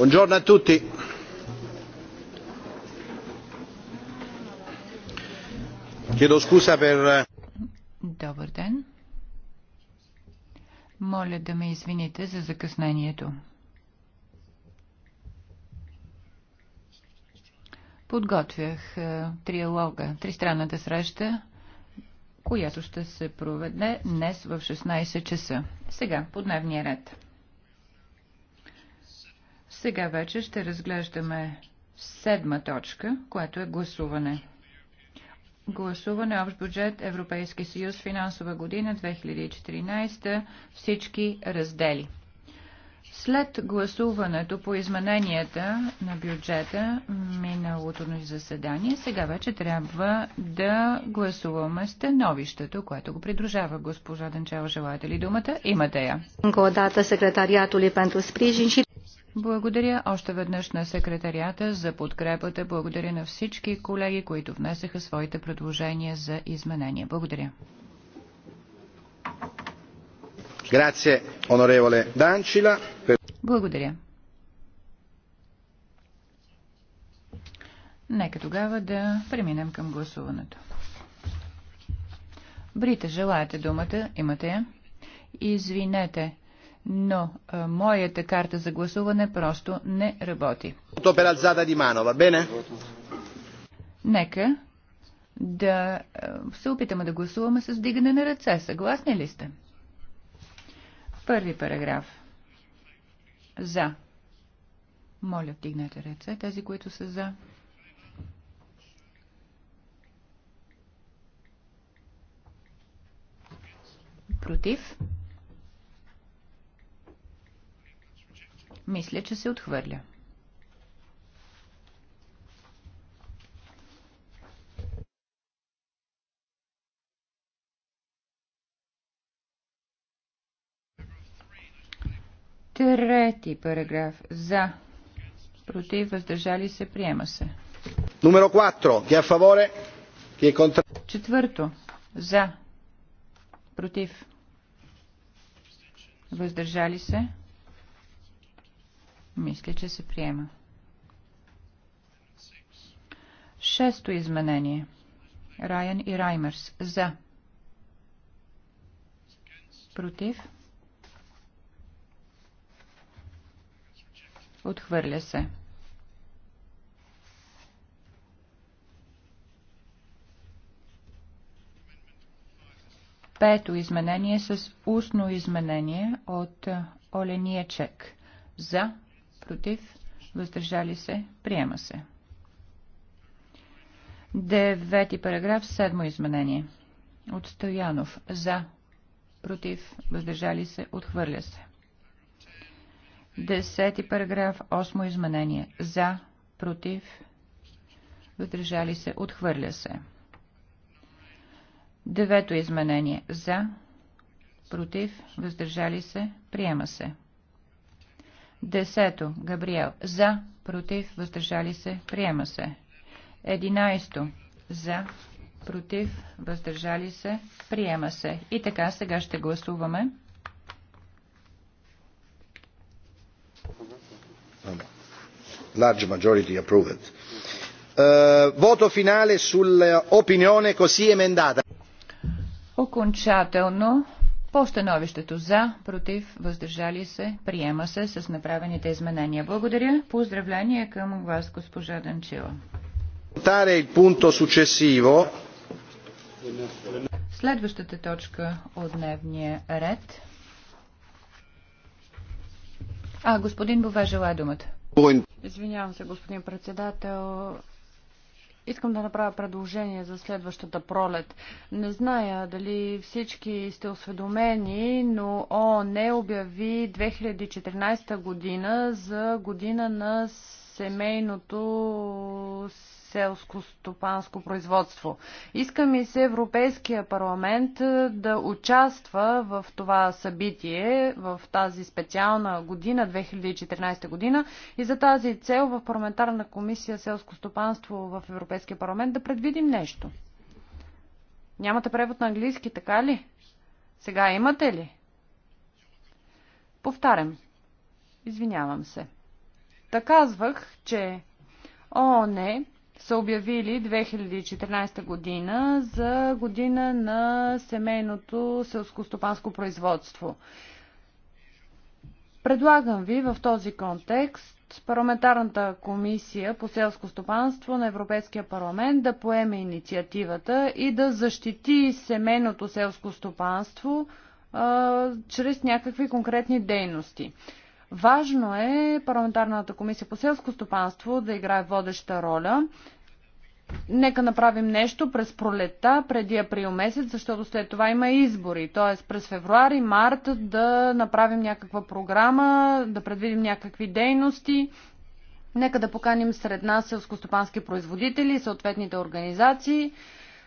Buongiorno a tutti. Chiedo scusa per... Eh, Добър ден. Моля да ме извините за закъснението. Подготвях е, триалога, тристранната среща, която ще се проведе днес в 16 часа. Сега, по дневния ред. Сега вече ще разглеждаме седма точка, което е гласуване. Гласуване общ бюджет Европейски съюз финансова година 2014 всички раздели. След гласуването по измененията на бюджета миналото ни заседание, сега вече трябва да гласуваме становището, което го придружава. Госпожа Денчева, желаете ли думата? Имате я. Благодаря още веднъж на секретарията за подкрепата. Благодаря на всички колеги, които внесеха своите предложения за изменения. Благодаря. Благодаря. Нека тогава да преминем към гласуването. Брите, желаете думата, имате я. Извинете, но а, моята карта за гласуване просто не работи. Нека да се опитаме да гласуваме с дигане на ръце. Съгласни ли сте? Първи параграф. За. Моля, вдигнете ръце, тези, които са за. Против. Мисля, че се отхвърля. Трети параграф. За. Против. Въздържали се. Приема се. Номеро 4. Ки е фаворе? Ки е контра... Четвърто. За. Против. Въздържали се. Мисля, че се приема. Шесто изменение. Райан и Раймърс. За. Против. Отхвърля се. Пето изменение с устно изменение от Чек. За, против, въздържали се, приема се. Девети параграф, седмо изменение. От Стоянов. За, против, въздържали се, отхвърля се. Десети параграф, осмо изменение. За, против, въздържали се, отхвърля се. Девето изменение. За, против, въздържали се, приема се. Десето, Габриел. За, против, въздържали се, приема се. Единайсто, за, против, въздържали се, приема се. И така сега ще гласуваме. large majority approved. Eh, voto finale sull'opinione così emendata. Окончателно по становището за, против, въздържали се, приема се с направените изменения. Благодаря. Поздравление към вас, госпожа Данчила. Следващата точка от дневния ред. А, господин Бова желая думата. Извинявам се, господин председател. Искам да направя предложение за следващата пролет. Не зная дали всички сте осведомени, но ООН обяви 2014 година за година на семейното селско-стопанско производство. Иска ми се Европейския парламент е, да участва в това събитие в тази специална година, 2014 година и за тази цел в парламентарна комисия селско стопанство в Европейския парламент да предвидим нещо. Нямате превод на английски, така ли? Сега имате ли? Повтарям. Извинявам се. Та казвах, че ООН са обявили 2014 година за година на семейното селскостопанско производство. Предлагам ви в този контекст парламентарната комисия по селско стопанство на Европейския парламент да поеме инициативата и да защити семейното селско стопанство а, чрез някакви конкретни дейности. Важно е парламентарната комисия по селско стопанство да играе водеща роля. Нека направим нещо през пролета, преди април месец, защото след това има избори. Т.е. през февруари, март да направим някаква програма, да предвидим някакви дейности. Нека да поканим сред нас селско-стопански производители и съответните организации.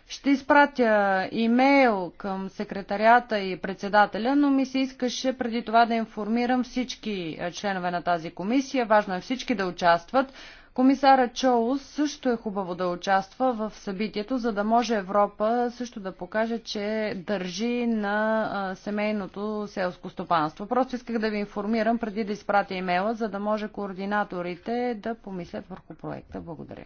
Ще изпратя имейл към секретарията и председателя, но ми се искаше преди това да информирам всички членове на тази комисия. Важно е всички да участват. Комисара Чоус също е хубаво да участва в събитието, за да може Европа също да покаже, че държи на семейното селско стопанство. Просто исках да ви информирам преди да изпратя имейла, за да може координаторите да помислят върху проекта. Благодаря.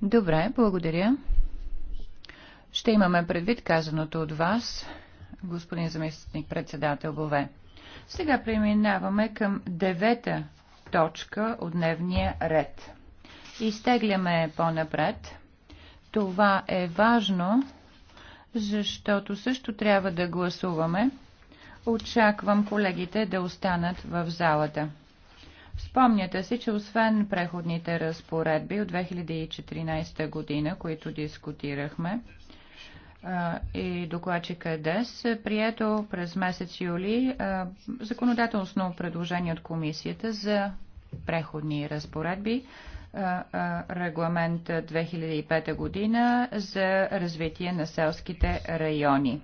Добре, благодаря. Ще имаме предвид казаното от вас, господин заместник председател Бове. Сега преминаваме към девета точка от дневния ред. Изтегляме по-напред. Това е важно, защото също трябва да гласуваме. Очаквам колегите да останат в залата. Спомняте си, че освен преходните разпоредби от 2014 година, които дискутирахме, и докладчика ДЕС, прието през месец юли законодателно предложение от комисията за преходни разпоредби регламент 2005 година за развитие на селските райони.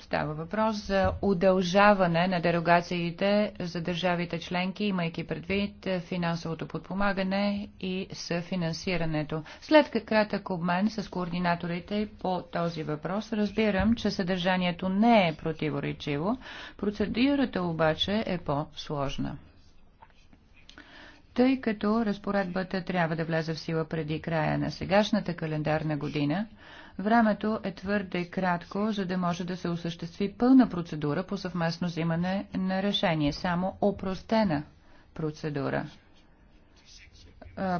Става въпрос за удължаване на дерогациите за държавите членки, имайки предвид финансовото подпомагане и съфинансирането. След кратък обмен с координаторите по този въпрос, разбирам, че съдържанието не е противоречиво, процедурата обаче е по-сложна. Тъй като разпоредбата трябва да влезе в сила преди края на сегашната календарна година, Времето е твърде кратко, за да може да се осъществи пълна процедура по съвместно взимане на решение, само опростена процедура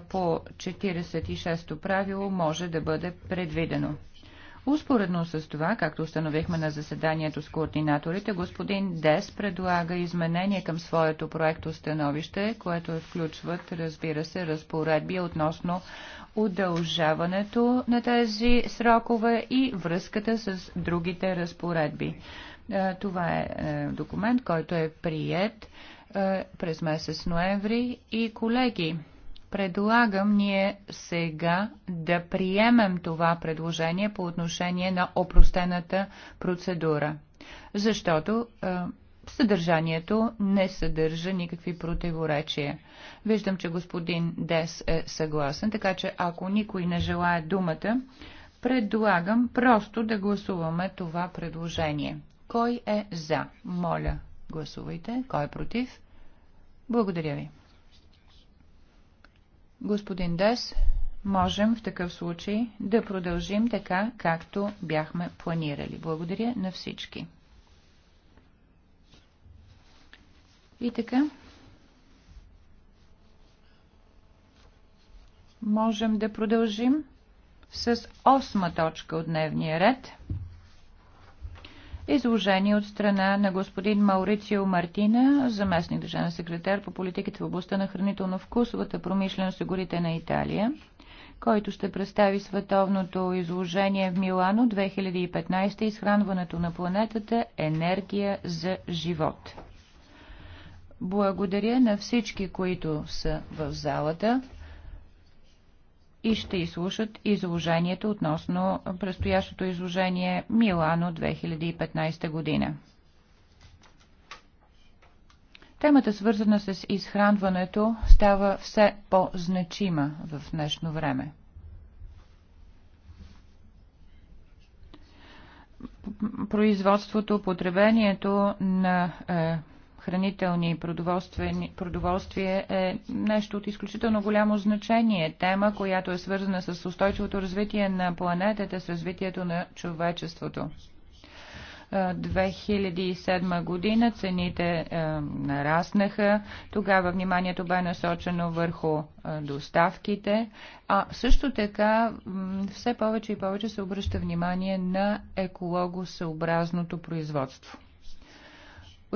по 46-то правило може да бъде предвидено. Успоредно с това, както установихме на заседанието с координаторите, господин Дес предлага изменение към своето проекто становище, което е включват, разбира се, разпоредби относно удължаването на тези срокове и връзката с другите разпоредби. Е, това е, е документ, който е прият през месец ноември и колеги Предлагам ние сега да приемем това предложение по отношение на опростената процедура, защото е, съдържанието не съдържа никакви противоречия. Виждам, че господин Дес е съгласен, така че ако никой не желая думата, предлагам просто да гласуваме това предложение. Кой е за? Моля, гласувайте. Кой е против? Благодаря ви. Господин Дес, можем в такъв случай да продължим така, както бяхме планирали. Благодаря на всички. И така. Можем да продължим с осма точка от дневния ред изложение от страна на господин Маурицио Мартина, заместник държавен секретар по политиките в областта на хранително-вкусовата промишленост и горите на Италия, който ще представи световното изложение в Милано 2015 Изхранването на планетата енергия за живот. Благодаря на всички, които са в залата и ще изслушат изложението относно предстоящото изложение Милано 2015 година. Темата, свързана с изхранването, става все по-значима в днешно време. производството, потреблението на е, хранителни и продоволствие е нещо от изключително голямо значение. Тема, която е свързана с устойчивото развитие на планетата, с развитието на човечеството. 2007 е, година цените е, нараснаха. Тогава вниманието бе насочено върху е, доставките, а също така все повече и повече се обръща внимание на екологосъобразното производство.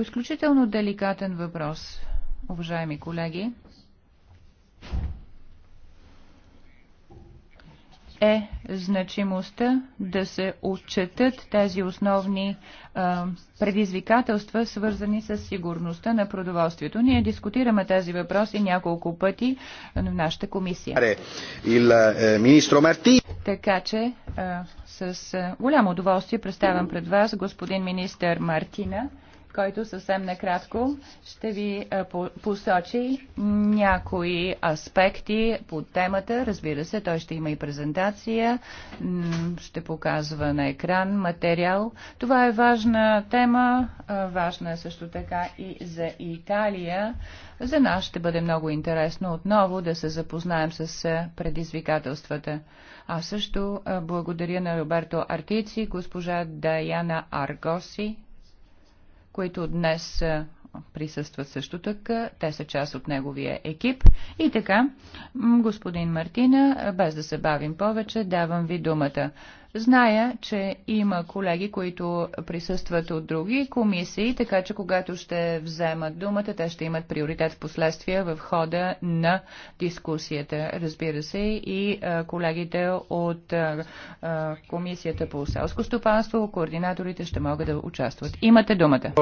Изключително деликатен въпрос, уважаеми колеги, е значимостта да се отчетат тези основни а, предизвикателства, свързани с сигурността на продоволствието. Ние дискутираме тези въпроси няколко пъти в нашата комисия. Е, така че а, с голямо удоволствие представям пред вас господин министър Мартина който съвсем накратко ще ви е, посочи някои аспекти по темата. Разбира се, той ще има и презентация, ще показва на екран материал. Това е важна тема, е, важна е също така и за Италия. За нас ще бъде много интересно отново да се запознаем с е, предизвикателствата. Аз също благодаря на Роберто Артици, госпожа Даяна Аргоси, които днес присъстват също така. Те са част от неговия екип. И така, господин Мартина, без да се бавим повече, давам ви думата. Зная, че има колеги, които присъстват от други комисии, така че когато ще вземат думата, те ще имат приоритет в последствие в хода на дискусията. Разбира се, и колегите от Комисията по селско стопанство, координаторите ще могат да участват. Имате думата.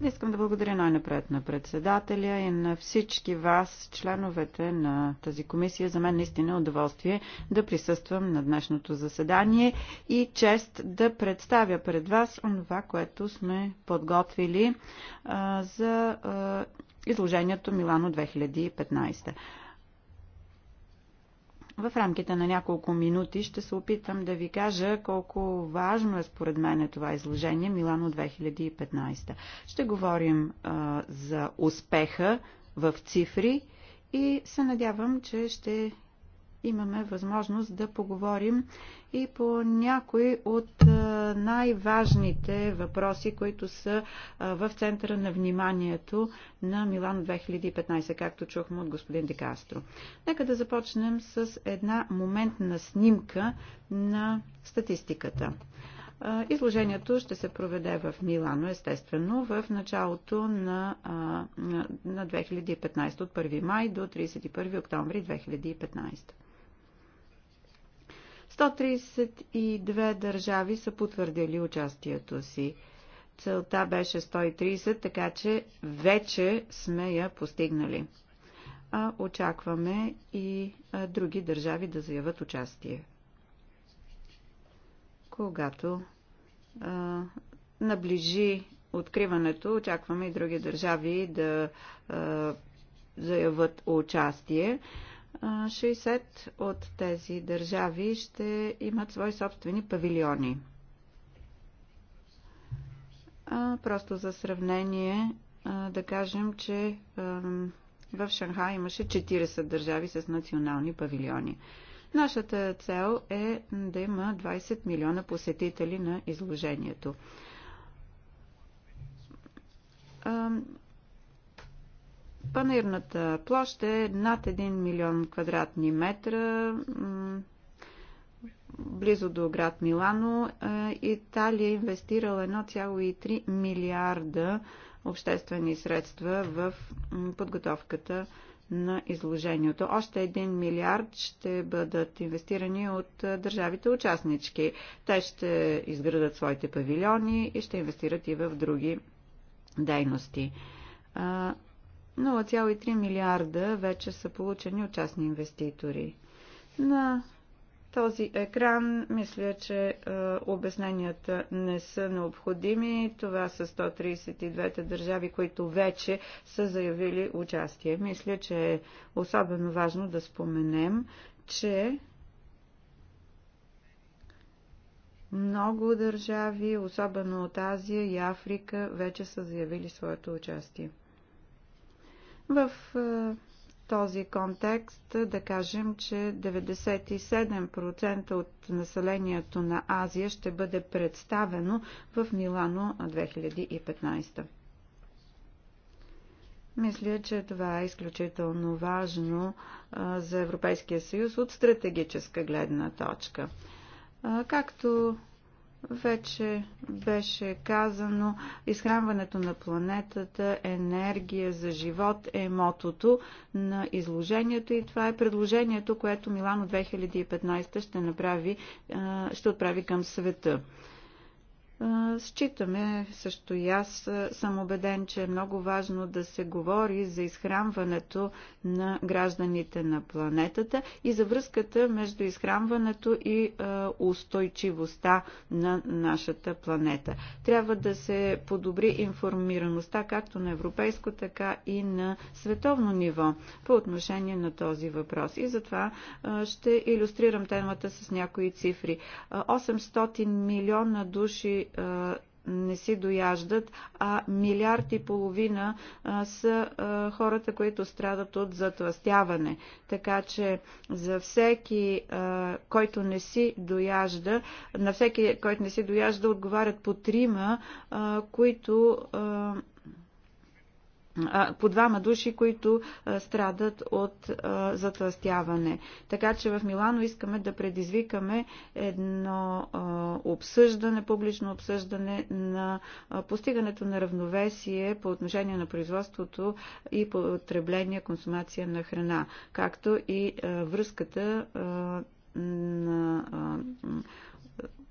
Искам да благодаря най-напред на председателя и на всички вас, членовете на тази комисия. За мен наистина е удоволствие да присъствам на днешното заседание и чест да представя пред вас това, което сме подготвили а, за а, изложението Милано 2015. В рамките на няколко минути ще се опитам да ви кажа колко важно е според мен това изложение Милано 2015. Ще говорим а, за успеха в цифри и се надявам, че ще имаме възможност да поговорим и по някои от е, най-важните въпроси, които са е, в центъра на вниманието на Милан 2015, както чухме от господин Декастро. Нека да започнем с една моментна снимка на статистиката. Е, изложението ще се проведе в Милано, естествено, в началото на, на 2015, от 1 май до 31 октомври 2015. 132 държави са потвърдили участието си. Целта беше 130, така че вече сме я постигнали. А очакваме и други държави да заявят участие. Когато а, наближи откриването, очакваме и други държави да а, заявят участие. А, 60 от тези държави ще имат свои собствени павилиони. Просто за сравнение да кажем, че в Шанхай имаше 40 държави с национални павилиони. Нашата цел е да има 20 милиона посетители на изложението Панирната площ е над 1 милион квадратни метра, близо до град Милано. Е, Италия е инвестирала 1,3 милиарда обществени средства в подготовката на изложението. Още 1 милиард ще бъдат инвестирани от е, държавите участнички. Те ще изградат своите павилиони и ще инвестират и в други дейности. 0,3 милиарда вече са получени от частни инвеститори. На този екран мисля, че е, обясненията не са необходими. Това са 132-те държави, които вече са заявили участие. Мисля, че е особено важно да споменем, че много държави, особено от Азия и Африка, вече са заявили своето участие. В е, този контекст е, да кажем, че 97% от населението на Азия ще бъде представено в Милано 2015. Мисля, че това е изключително важно е, за Европейския съюз от стратегическа гледна точка. Както вече беше казано, изхранването на планетата, енергия за живот е мотото на изложението и това е предложението, което Милано 2015 ще, направи, ще отправи към света. Считаме, също и аз съм убеден, че е много важно да се говори за изхранването на гражданите на планетата и за връзката между изхранването и устойчивостта на нашата планета. Трябва да се подобри информираността както на европейско, така и на световно ниво по отношение на този въпрос. И затова ще иллюстрирам темата с някои цифри. 800 милиона души не си дояждат, а милиард и половина а, са а, хората, които страдат от затластяване. Така че за всеки, а, който не си дояжда, на всеки, който не си дояжда, отговарят по трима, а, които а, по двама души, които страдат от затластяване. Така че в Милано искаме да предизвикаме едно обсъждане, публично обсъждане на постигането на равновесие по отношение на производството и потребление, консумация на храна, както и връзката на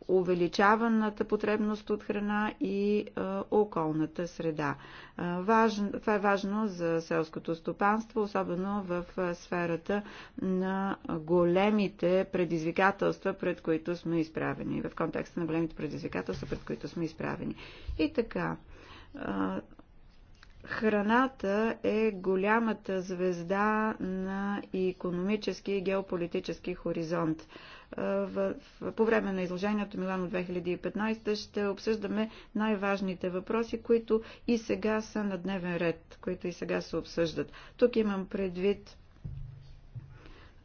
увеличаваната потребност от храна и а, е, околната среда. А, е, важно, това е важно за селското стопанство, особено в а, е, сферата на големите предизвикателства, пред които сме изправени. В контекста на големите предизвикателства, пред които сме изправени. И така. А, Храната е голямата звезда на економически и геополитически хоризонт. А, в, по време на изложението Милано 2015 ще обсъждаме най-важните въпроси, които и сега са на дневен ред, които и сега се обсъждат. Тук имам предвид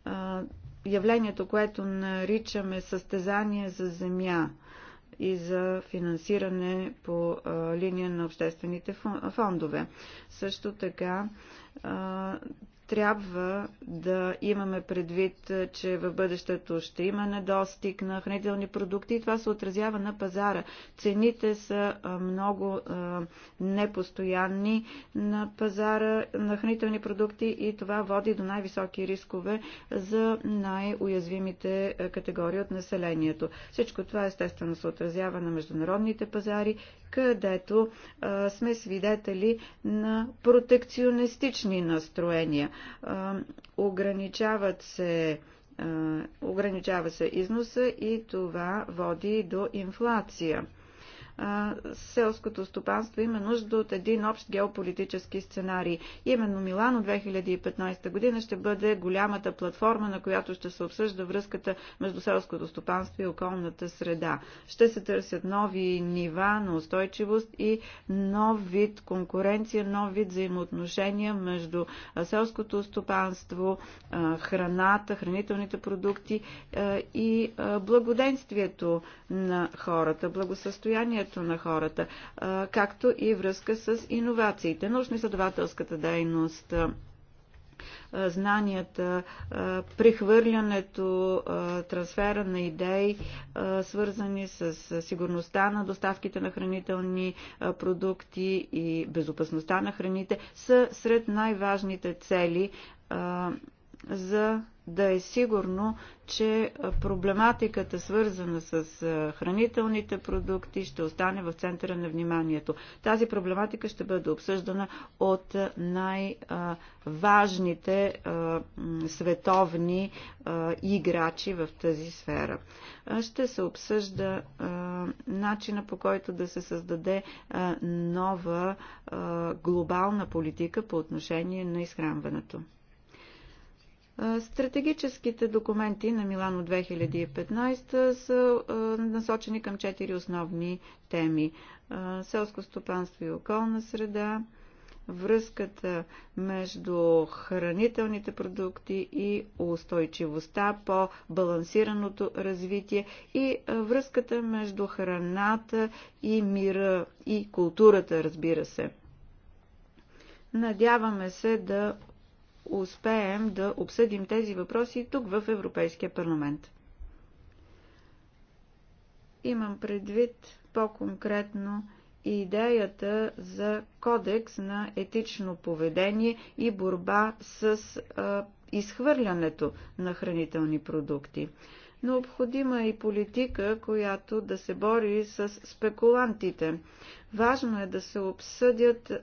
а, явлението, което наричаме състезание за земя и за финансиране по а, линия на обществените фондове. Също така а, трябва да имаме предвид, че в бъдещето ще има недостиг на хранителни продукти и това се отразява на пазара. Цените са много непостоянни на пазара на хранителни продукти и това води до най-високи рискове за най-уязвимите категории от населението. Всичко това естествено се отразява на международните пазари където а, сме свидетели на протекционистични настроения. А, ограничават се ограничава се износа и това води до инфлация селското стопанство има нужда от един общ геополитически сценарий. Именно Милано 2015 година ще бъде голямата платформа, на която ще се обсъжда връзката между селското стопанство и околната среда. Ще се търсят нови нива на устойчивост и нов вид конкуренция, нов вид взаимоотношения между селското стопанство, храната, хранителните продукти и благоденствието на хората, благосъстоянието здравето на хората, както и връзка с иновациите. Научно-изследователската дейност знанията, прехвърлянето, трансфера на идеи, свързани с сигурността на доставките на хранителни продукти и безопасността на храните, са сред най-важните цели за да е сигурно, че проблематиката, свързана с хранителните продукти, ще остане в центъра на вниманието. Тази проблематика ще бъде обсъждана от най-важните световни играчи в тази сфера. Ще се обсъжда начина по който да се създаде нова глобална политика по отношение на изхранването. Стратегическите документи на Милано 2015 са насочени към четири основни теми. Селско стопанство и околна среда, връзката между хранителните продукти и устойчивостта по балансираното развитие и връзката между храната и мира и културата, разбира се. Надяваме се да успеем да обсъдим тези въпроси тук в Европейския парламент. Имам предвид по-конкретно и идеята за кодекс на етично поведение и борба с а, изхвърлянето на хранителни продукти. Необходима е и политика, която да се бори с спекулантите. Важно е да се обсъдят е,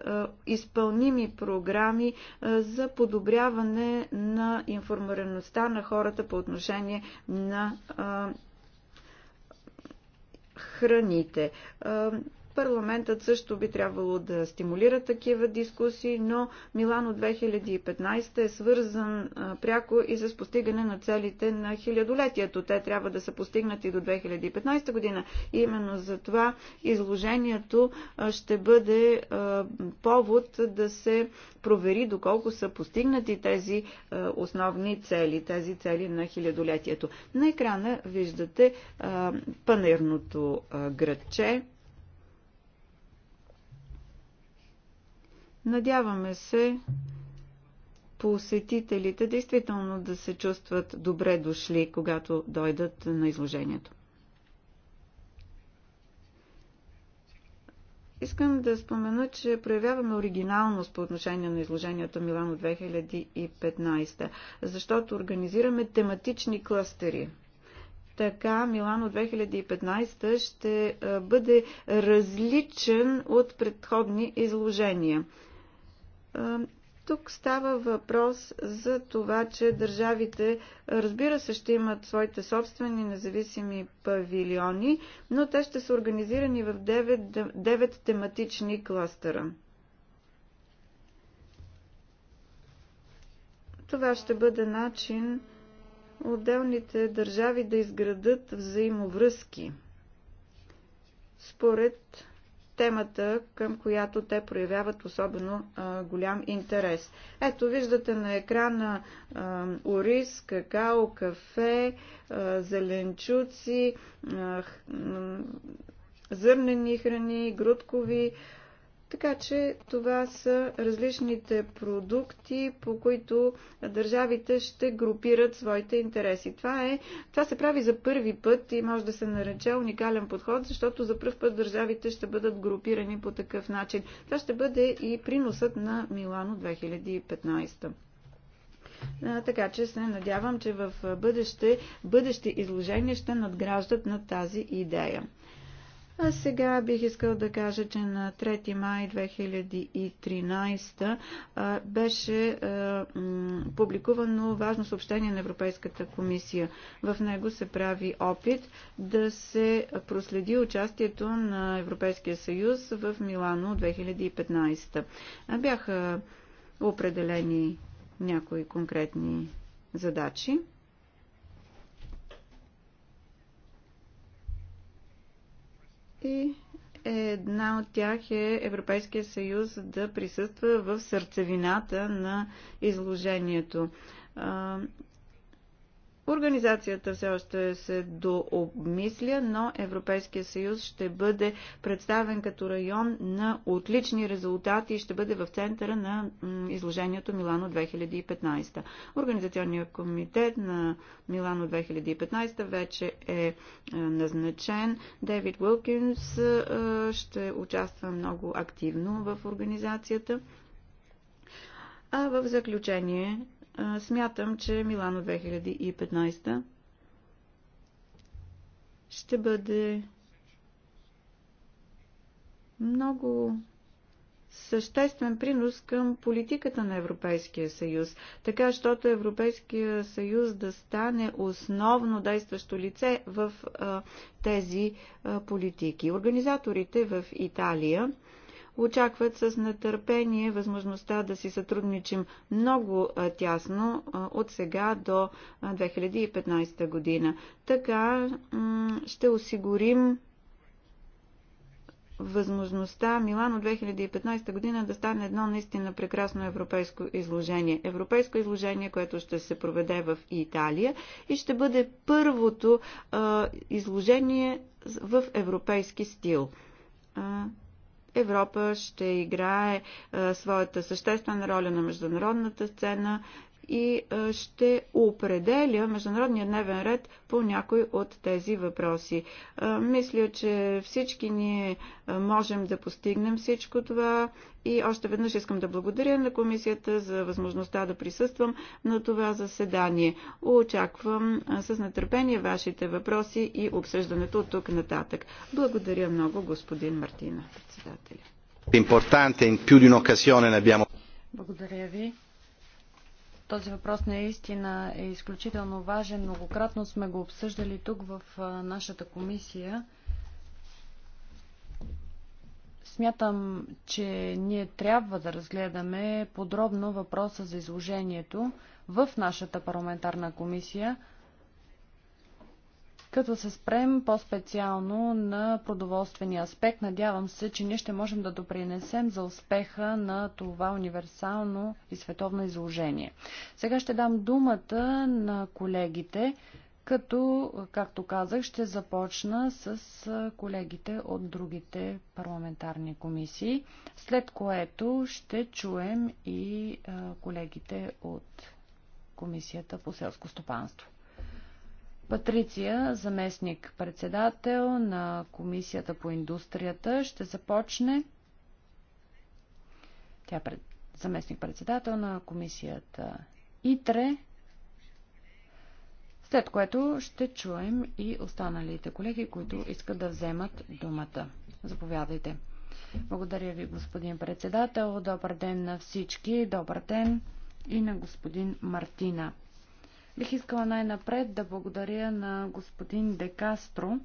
изпълними програми е, за подобряване на информираността на хората по отношение на е, храните. Парламентът също би трябвало да стимулира такива дискусии, но Милано 2015 е свързан пряко и с постигане на целите на хилядолетието. Те трябва да са постигнати до 2015 година. И именно за това изложението ще бъде повод да се провери доколко са постигнати тези основни цели, тези цели на хилядолетието. На екрана виждате панерното градче. Надяваме се посетителите действително да се чувстват добре дошли, когато дойдат на изложението. Искам да спомена, че проявяваме оригиналност по отношение на изложението Милано 2015, защото организираме тематични кластери. Така Милано 2015 ще бъде различен от предходни изложения. Тук става въпрос за това, че държавите, разбира се, ще имат своите собствени независими павилиони, но те ще са организирани в 9, 9 тематични кластера. Това ще бъде начин отделните държави да изградат взаимовръзки според темата, към която те проявяват особено а, голям интерес. Ето, виждате на екрана а, ориз, какао, кафе, а, зеленчуци, а, зърнени храни, грудкови, а, така че това са различните продукти, по които държавите ще групират своите интереси. Това, е, това се прави за първи път и може да се нарече уникален подход, защото за първ път държавите ще бъдат групирани по такъв начин. Това ще бъде и приносът на Милано 2015. Така че се надявам, че в бъдеще, бъдещи изложения ще надграждат на тази идея. А сега бих искал да кажа, че на 3 май 2013 беше публикувано важно съобщение на Европейската комисия. В него се прави опит да се проследи участието на Европейския съюз в Милано 2015. Бяха определени някои конкретни задачи. проекти. Една от тях е Европейския съюз да присъства в сърцевината на изложението. Организацията все още се дообмисля, но Европейския съюз ще бъде представен като район на отлични резултати и ще бъде в центъра на изложението Милано 2015. Организационният комитет на Милано 2015 вече е, е назначен. Дейвид Уилкинс е, ще участва много активно в организацията. А в заключение смятам, че Милано 2015 ще бъде много съществен принос към политиката на Европейския съюз, така, щото Европейския съюз да стане основно действащо лице в а, тези а, политики. Организаторите в Италия очакват с нетърпение възможността да си сътрудничим много тясно от сега до 2015 година. Така ще осигурим възможността Милано 2015 година да стане едно наистина прекрасно европейско изложение. Европейско изложение, което ще се проведе в Италия и ще бъде първото а, изложение в европейски стил. А, Европа ще играе своята съществена роля на международната сцена и ще определя Международния дневен ред по някой от тези въпроси. Мисля, че всички ние можем да постигнем всичко това и още веднъж искам да благодаря на комисията за възможността да присъствам на това заседание. Очаквам с нетърпение вашите въпроси и обсъждането от тук нататък. Благодаря много, господин Мартина, председателя. Благодаря ви. Този въпрос наистина е изключително важен. Многократно сме го обсъждали тук в нашата комисия. Смятам, че ние трябва да разгледаме подробно въпроса за изложението в нашата парламентарна комисия, като се спрем по-специално на продоволствения аспект. Надявам се, че ние ще можем да допринесем за успеха на това универсално и световно изложение. Сега ще дам думата на колегите, като, както казах, ще започна с колегите от другите парламентарни комисии, след което ще чуем и колегите от Комисията по селско стопанство. Патриция, заместник-председател на Комисията по индустрията, ще започне. Тя е пред... заместник-председател на Комисията ИТРЕ, след което ще чуем и останалите колеги, които искат да вземат думата. Заповядайте. Благодаря ви, господин председател. Добър ден на всички. Добър ден и на господин Мартина. Бих искала най-напред да благодаря на господин Декастро.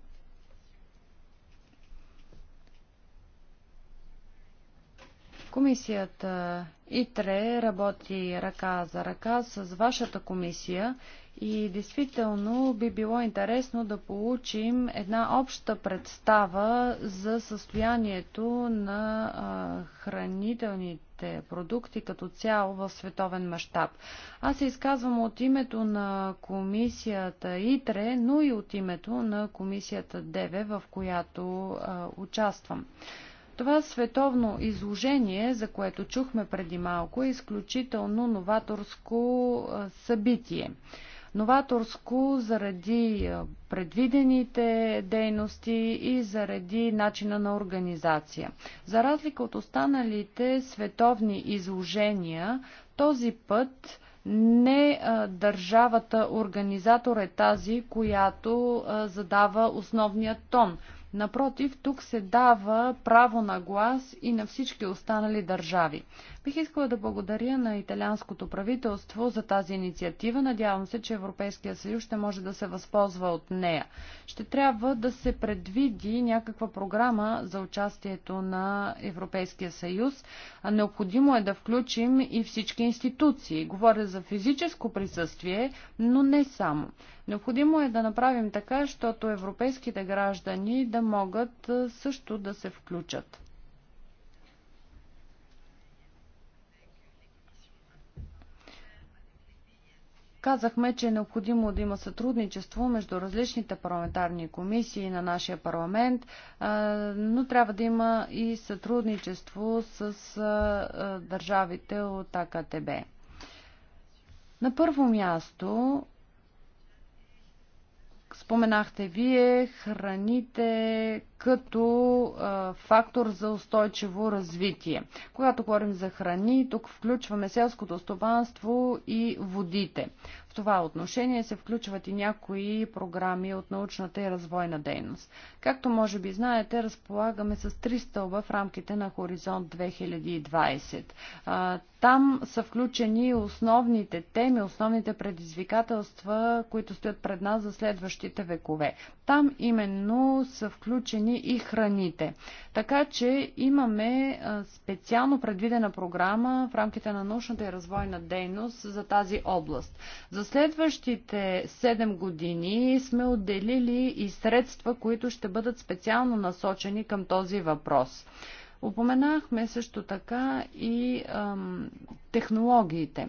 Комисията ИТРЕ работи ръка за ръка с вашата комисия и действително би било интересно да получим една обща представа за състоянието на хранителните техните продукти като цяло в световен мащаб. Аз се изказвам от името на комисията ИТРЕ, но и от името на комисията ДЕВЕ, в която а, участвам. Това световно изложение, за което чухме преди малко, е изключително новаторско събитие новаторско заради предвидените дейности и заради начина на организация. За разлика от останалите световни изложения, този път не държавата организатор е тази, която задава основния тон. Напротив, тук се дава право на глас и на всички останали държави. Бих искала да благодаря на италианското правителство за тази инициатива. Надявам се, че Европейския съюз ще може да се възползва от нея. Ще трябва да се предвиди някаква програма за участието на Европейския съюз. Необходимо е да включим и всички институции. Говоря за физическо присъствие, но не само. Необходимо е да направим така, защото европейските граждани да могат също да се включат. Казахме, че е необходимо да има сътрудничество между различните парламентарни комисии на нашия парламент, но трябва да има и сътрудничество с държавите от АКТБ. На първо място споменахте вие, храните като а, фактор за устойчиво развитие. Когато говорим за храни, тук включваме селското стопанство и водите. В това отношение се включват и някои програми от научната и развойна дейност. Както може би знаете, разполагаме с три стълба в рамките на Хоризонт 2020. Там са включени основните теми, основните предизвикателства, които стоят пред нас за следващите векове. Там именно са включени и храните. Така че имаме специално предвидена програма в рамките на научната и развойна дейност за тази област. За следващите 7 години сме отделили и средства, които ще бъдат специално насочени към този въпрос. Упоменахме също така и ам, технологиите.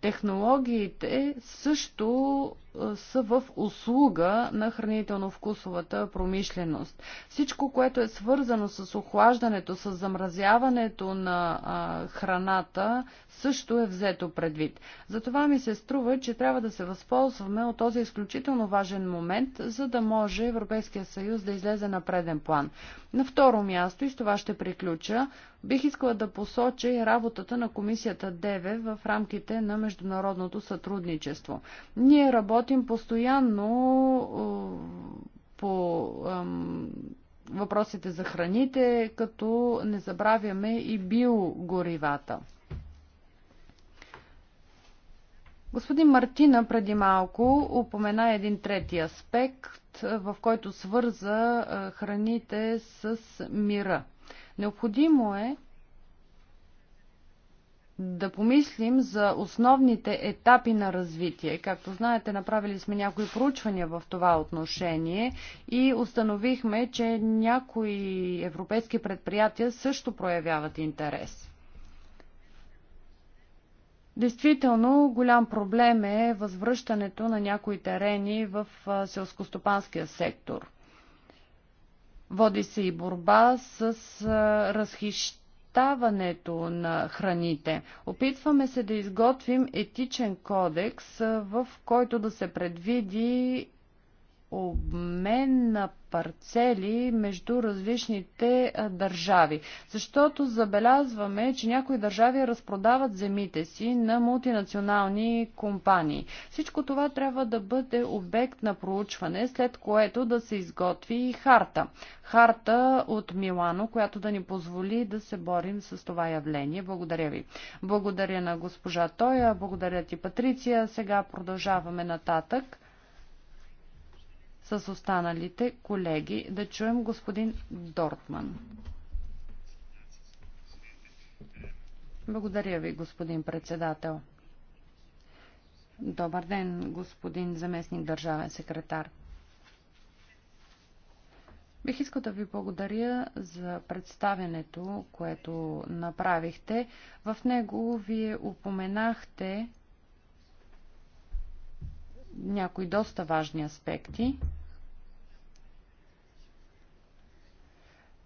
Технологиите също са в услуга на хранително-вкусовата промишленост. Всичко, което е свързано с охлаждането, с замразяването на а, храната, също е взето предвид. Затова ми се струва, че трябва да се възползваме от този изключително важен момент, за да може Европейския съюз да излезе на преден план. На второ място, и с това ще приключа, бих искала да посоча и работата на комисията ДЕВЕ в рамките на международното сътрудничество. Ние работим работим постоянно по въпросите за храните, като не забравяме и биогоривата. Господин Мартина преди малко упомена един трети аспект, в който свърза храните с мира. Необходимо е да помислим за основните етапи на развитие. Както знаете, направили сме някои проучвания в това отношение и установихме, че някои европейски предприятия също проявяват интерес. Действително, голям проблем е възвръщането на някои терени в селскостопанския сектор. Води се и борба с разхищ предоставането на храните. Опитваме се да изготвим етичен кодекс, в който да се предвиди обмен на парцели между различните държави. Защото забелязваме, че някои държави разпродават земите си на мултинационални компании. Всичко това трябва да бъде обект на проучване, след което да се изготви и харта. Харта от Милано, която да ни позволи да се борим с това явление. Благодаря ви. Благодаря на госпожа Тоя, благодаря ти Патриция. Сега продължаваме нататък с останалите колеги. Да чуем господин Дортман. Благодаря ви, господин председател. Добър ден, господин заместник държавен секретар. Бих искал да ви благодаря за представенето, което направихте. В него вие упоменахте някои доста важни аспекти.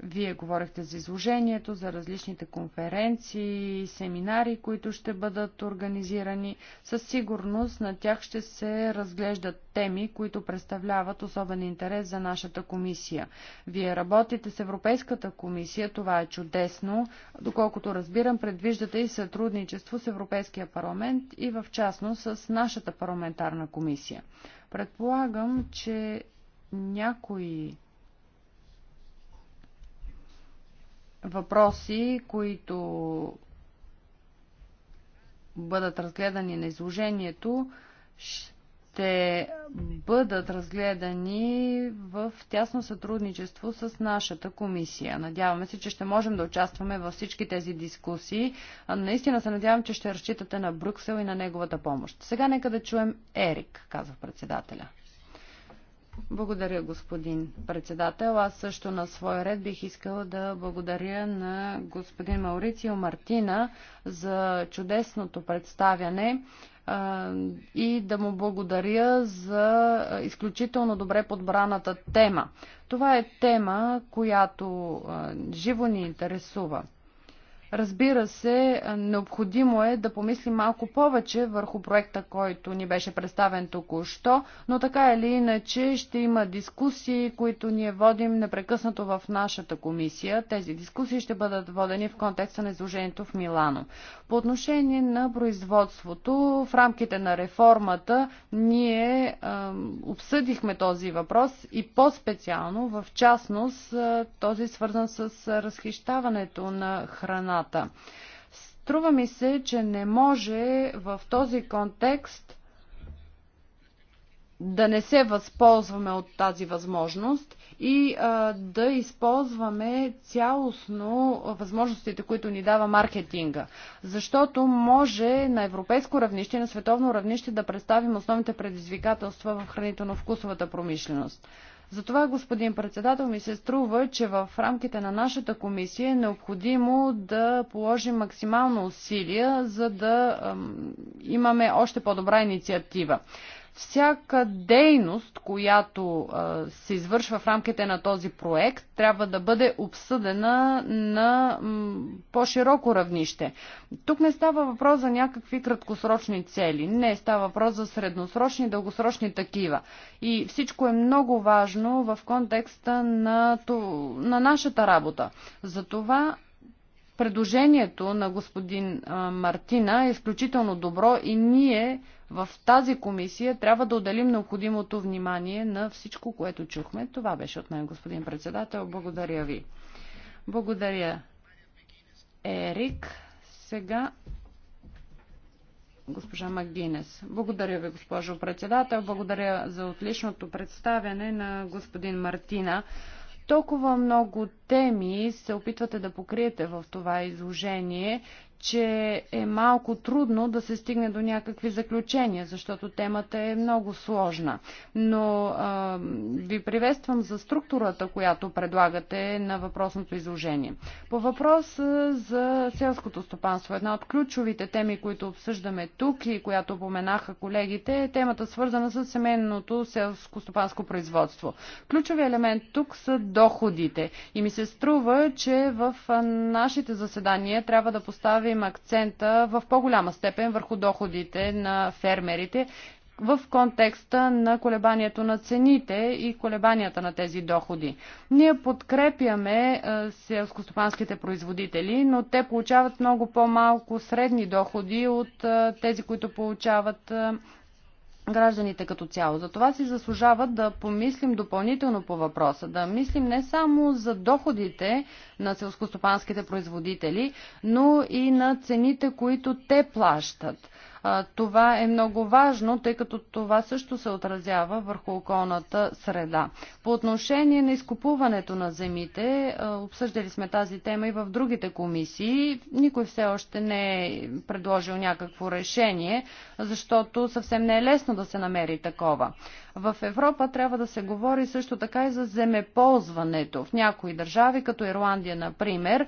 Вие говорихте за изложението, за различните конференции, семинари, които ще бъдат организирани. Със сигурност на тях ще се разглеждат теми, които представляват особен интерес за нашата комисия. Вие работите с Европейската комисия, това е чудесно. Доколкото разбирам, предвиждате и сътрудничество с Европейския парламент и в частност с нашата парламентарна комисия. Предполагам, че някои въпроси, които бъдат разгледани на изложението, ще бъдат разгледани в тясно сътрудничество с нашата комисия. Надяваме се, че ще можем да участваме във всички тези дискусии. Наистина се надявам, че ще разчитате на Брюксел и на неговата помощ. Сега нека да чуем Ерик, казва председателя. Благодаря, господин председател. Аз също на свой ред бих искала да благодаря на господин Маурицио Мартина за чудесното представяне и да му благодаря за изключително добре подбраната тема. Това е тема, която живо ни интересува. Разбира се, необходимо е да помислим малко повече върху проекта, който ни беше представен току-що, но така или иначе ще има дискусии, които ние водим непрекъснато в нашата комисия. Тези дискусии ще бъдат водени в контекста на изложението в Милано. По отношение на производството, в рамките на реформата ние е, обсъдихме този въпрос и по-специално, в частност, този свързан с разхищаването на храна страната. Струва ми се, че не може в този контекст да не се възползваме от тази възможност и а, да използваме цялостно възможностите, които ни дава маркетинга. Защото може на европейско равнище и на световно равнище да представим основните предизвикателства в хранително-вкусовата промишленост. Затова, господин председател, ми се струва, че в рамките на нашата комисия е необходимо да положим максимално усилия, за да имаме още по-добра инициатива всяка дейност, която се извършва в рамките на този проект, трябва да бъде обсъдена на по-широко равнище. Тук не става въпрос за някакви краткосрочни цели, не става въпрос за средносрочни и дългосрочни такива. И всичко е много важно в контекста на, на нашата работа. Затова Предложението на господин Мартина е изключително добро и ние в тази комисия трябва да отделим необходимото внимание на всичко, което чухме. Това беше от мен, господин председател. Благодаря ви. Благодаря, Ерик. Сега госпожа Магинес. Благодаря ви, госпожо председател. Благодаря за отличното представяне на господин Мартина. Толкова много теми се опитвате да покриете в това изложение, че е малко трудно да се стигне до някакви заключения, защото темата е много сложна. Но а, ви приветствам за структурата, която предлагате на въпросното изложение. По въпрос за селското стопанство, една от ключовите теми, които обсъждаме тук и която поменаха колегите, е темата свързана с семейното селско-стопанско производство. Ключови елемент тук са доходите. И ми се струва, че в нашите заседания трябва да поставим поставим акцента в по-голяма степен върху доходите на фермерите в контекста на колебанието на цените и колебанията на тези доходи. Ние подкрепяме е, селскостопанските производители, но те получават много по-малко средни доходи от е, тези, които получават е, гражданите като цяло. Затова си заслужават да помислим допълнително по въпроса, да мислим не само за доходите на селскостопанските производители, но и на цените, които те плащат. Това е много важно, тъй като това също се отразява върху околната среда. По отношение на изкупуването на земите, обсъждали сме тази тема и в другите комисии. Никой все още не е предложил някакво решение, защото съвсем не е лесно да се намери такова. В Европа трябва да се говори също така и за земеползването. В някои държави, като Ирландия, например,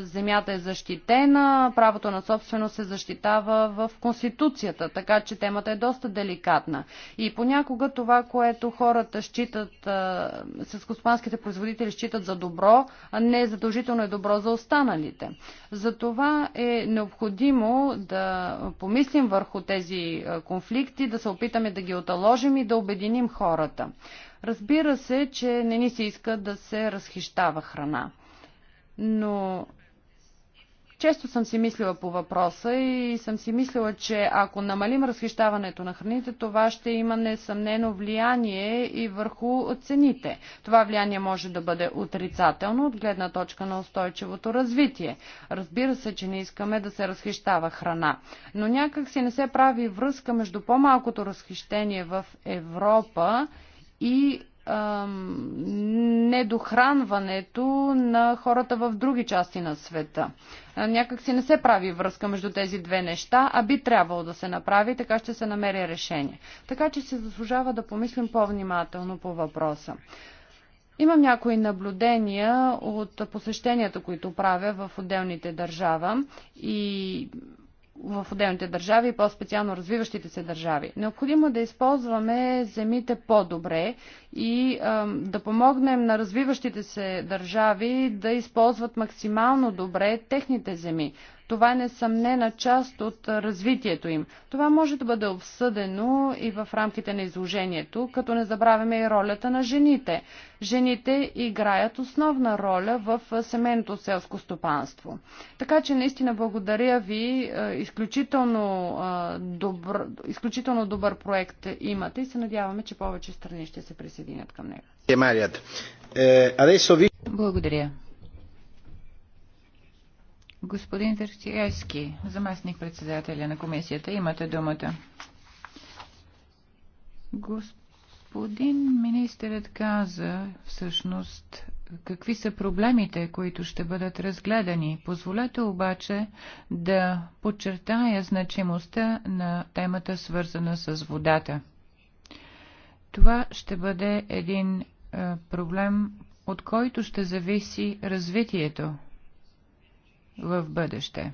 земята е защитена, правото на собственост се защитава в Конституцията, така че темата е доста деликатна. И понякога това, което хората считат, коспанските производители считат за добро, не е задължително е добро за останалите. Затова е необходимо да помислим върху тези конфликти, да се опитаме да ги оталожим и да обединим хората. Разбира се, че не ни се иска да се разхищава храна. Но често съм си мислила по въпроса и съм си мислила, че ако намалим разхищаването на храните, това ще има несъмнено влияние и върху цените. Това влияние може да бъде отрицателно от гледна точка на устойчивото развитие. Разбира се, че не искаме да се разхищава храна, но някак си не се прави връзка между по-малкото разхищение в Европа и недохранването на хората в други части на света. Някак си не се прави връзка между тези две неща, а би трябвало да се направи, така ще се намери решение. Така че се заслужава да помислим по-внимателно по въпроса. Имам някои наблюдения от посещенията, които правя в отделните държава и в отделните държави и по-специално развиващите се държави. Необходимо е да използваме земите по-добре и а, да помогнем на развиващите се държави да използват максимално добре техните земи. Това е несъмнена част от развитието им. Това може да бъде обсъдено и в рамките на изложението, като не забравяме и ролята на жените. Жените играят основна роля в семейното селско стопанство. Така че наистина благодаря ви. Е, изключително е, добър, изключително добър проект имате и се надяваме, че повече страни ще се присъединят към него. Е, благодаря. Господин Търчевски, заместник председателя на комисията, имате думата. Господин министърът каза всъщност какви са проблемите, които ще бъдат разгледани. Позволете обаче да подчертая значимостта на темата, свързана с водата. Това ще бъде един е, проблем, от който ще зависи развитието в бъдеще.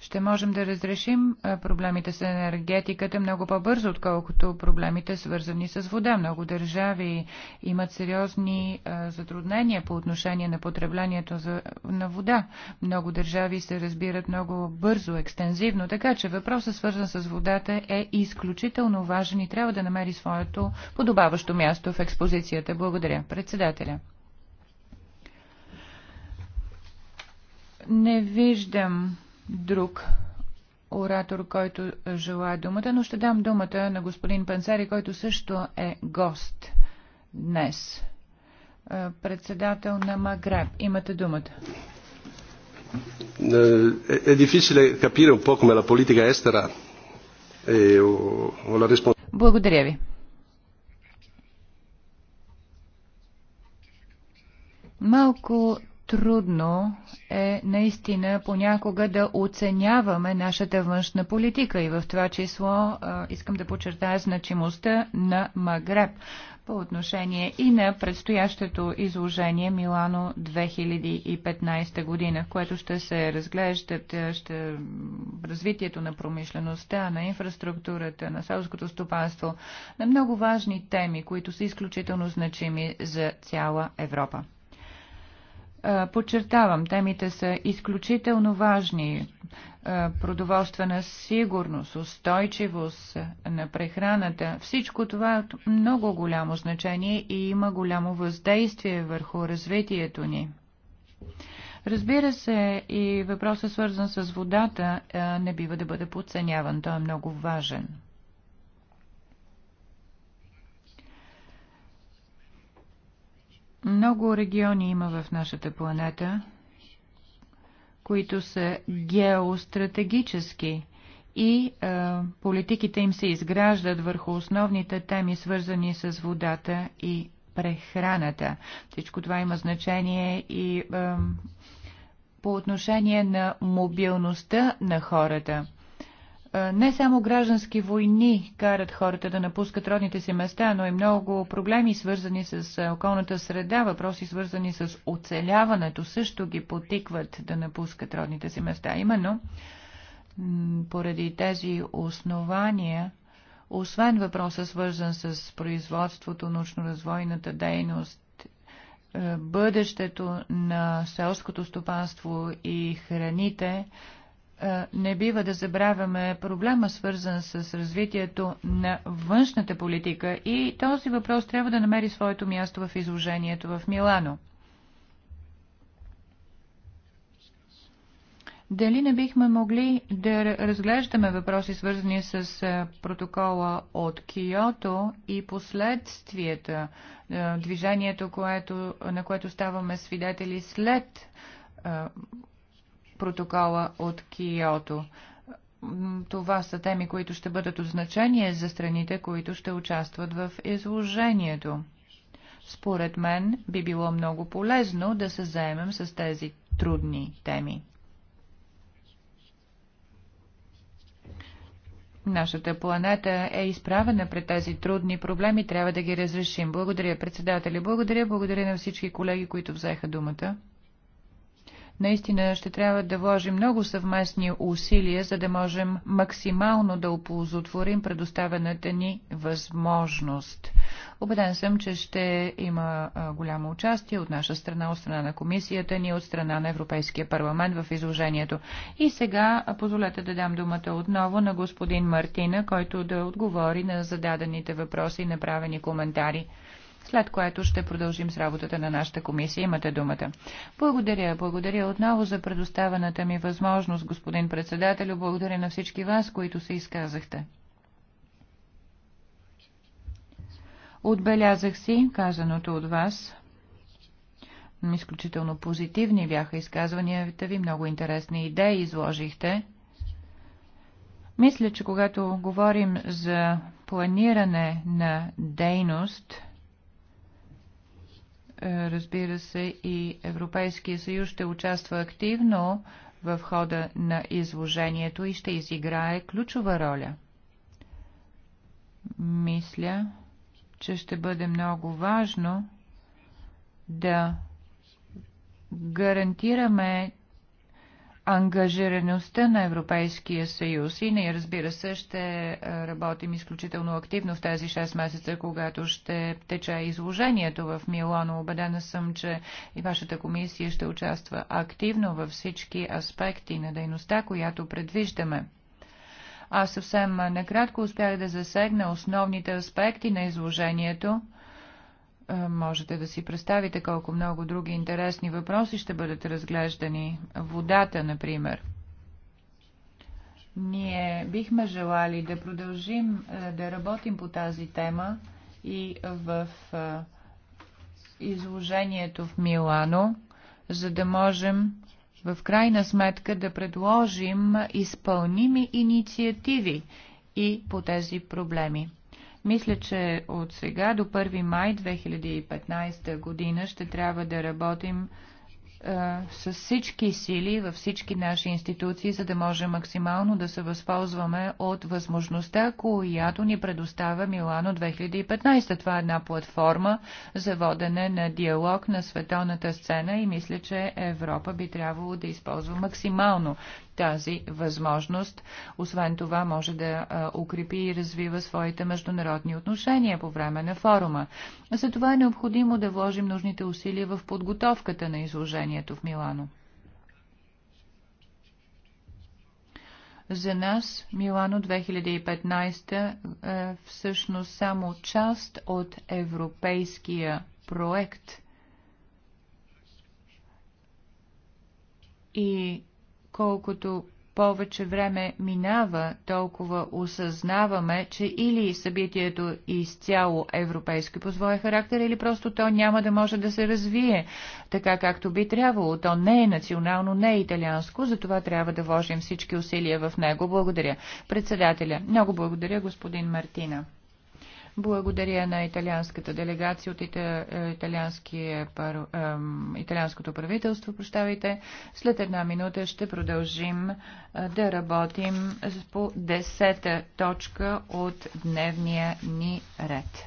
Ще можем да разрешим проблемите с енергетиката много по-бързо, отколкото проблемите свързани с вода. Много държави имат сериозни затруднения по отношение на потреблението на вода. Много държави се разбират много бързо, екстензивно, така че въпросът свързан с водата е изключително важен и трябва да намери своето подобаващо място в експозицията. Благодаря. Председателя. Не виждам друг оратор, който желая думата, но ще дам думата на господин Пансари, който също е гост днес. Председател на Магреб. Имате думата. Е difficile capire un po' come la политика естера. Благодаря ви. Малко трудно е наистина понякога да оценяваме нашата външна политика и в това число искам да подчертая значимостта на Магреб по отношение и на предстоящото изложение Милано 2015 година, в което ще се разглеждат ще, развитието на промишлеността, на инфраструктурата, на селското стопанство, на много важни теми, които са изключително значими за цяла Европа. Подчертавам, темите са изключително важни. Продоволствена сигурност, устойчивост на прехраната, всичко това е от много голямо значение и има голямо въздействие върху развитието ни. Разбира се, и въпросът свързан с водата не бива да бъде подценяван. Той е много важен. Много региони има в нашата планета, които са геостратегически и а, политиките им се изграждат върху основните теми, свързани с водата и прехраната. Всичко това има значение и а, по отношение на мобилността на хората. Е, не само граждански войни карат хората да напускат родните си места, но и много проблеми свързани с е, околната среда, въпроси свързани с оцеляването също ги потикват да напускат родните си места. Именно поради тези основания, освен въпроса свързан с производството, научно-развойната дейност, е, бъдещето на селското стопанство и храните, не бива да забравяме проблема, свързан с развитието на външната политика и този въпрос трябва да намери своето място в изложението в Милано. Дали не бихме могли да разглеждаме въпроси, свързани с протокола от Киото и последствията, движението, което, на което ставаме свидетели след протокола от Киото. Това са теми, които ще бъдат от значение за страните, които ще участват в изложението. Според мен би било много полезно да се заемем с тези трудни теми. Нашата планета е изправена пред тези трудни проблеми, трябва да ги разрешим. Благодаря, председатели. Благодаря, благодаря на всички колеги, които взеха думата. Наистина ще трябва да вложим много съвместни усилия, за да можем максимално да оползотворим предоставената ни възможност. Обеден съм, че ще има голямо участие от наша страна, от страна на комисията ни, от страна на Европейския парламент в изложението. И сега позволете да дам думата отново на господин Мартина, който да отговори на зададените въпроси и направени коментари след което ще продължим с работата на нашата комисия. Имате думата. Благодаря. Благодаря отново за предоставената ми възможност, господин председател. Благодаря на всички вас, които се изказахте. Отбелязах си казаното от вас. Изключително позитивни бяха изказванията ви, много интересни идеи изложихте. Мисля, че когато говорим за планиране на дейност, е, разбира се, и Европейския съюз ще участва активно в хода на изложението и ще изиграе ключова роля. Мисля, че ще бъде много важно да гарантираме, ангажираността на Европейския съюз. И ние, разбира се, ще е, работим изключително активно в тези 6 месеца, когато ще тече изложението в Милоно. Обедена съм, че и вашата комисия ще участва активно във всички аспекти на дейността, която предвиждаме. Аз съвсем накратко успях да засегна основните аспекти на изложението е, можете да си представите колко много други интересни въпроси ще бъдат разглеждани. Водата, например. Ние бихме желали да продължим е, да работим по тази тема и в е, изложението в Милано, за да можем в крайна сметка да предложим изпълними инициативи и по тези проблеми. Мисля, че от сега до 1 май 2015 година ще трябва да работим е, с всички сили във всички наши институции, за да може максимално да се възползваме от възможността, която ни предоставя Милано 2015. Това е една платформа за водене на диалог на световната сцена и мисля, че Европа би трябвало да използва максимално тази възможност. Освен това, може да укрепи и развива своите международни отношения по време на форума. Затова е необходимо да вложим нужните усилия в подготовката на изложението в Милано. За нас Милано 2015 е всъщност само част от европейския проект. И колкото повече време минава, толкова осъзнаваме, че или събитието изцяло европейски по своя характер, или просто то няма да може да се развие така както би трябвало. То не е национално, не е италианско, затова трябва да вложим всички усилия в него. Благодаря. Председателя, много благодаря, господин Мартина. Благодаря на италианската делегация от е, пар... италианското правителство. Прощавайте. След една минута ще продължим е, да работим по десета точка от дневния ни ред.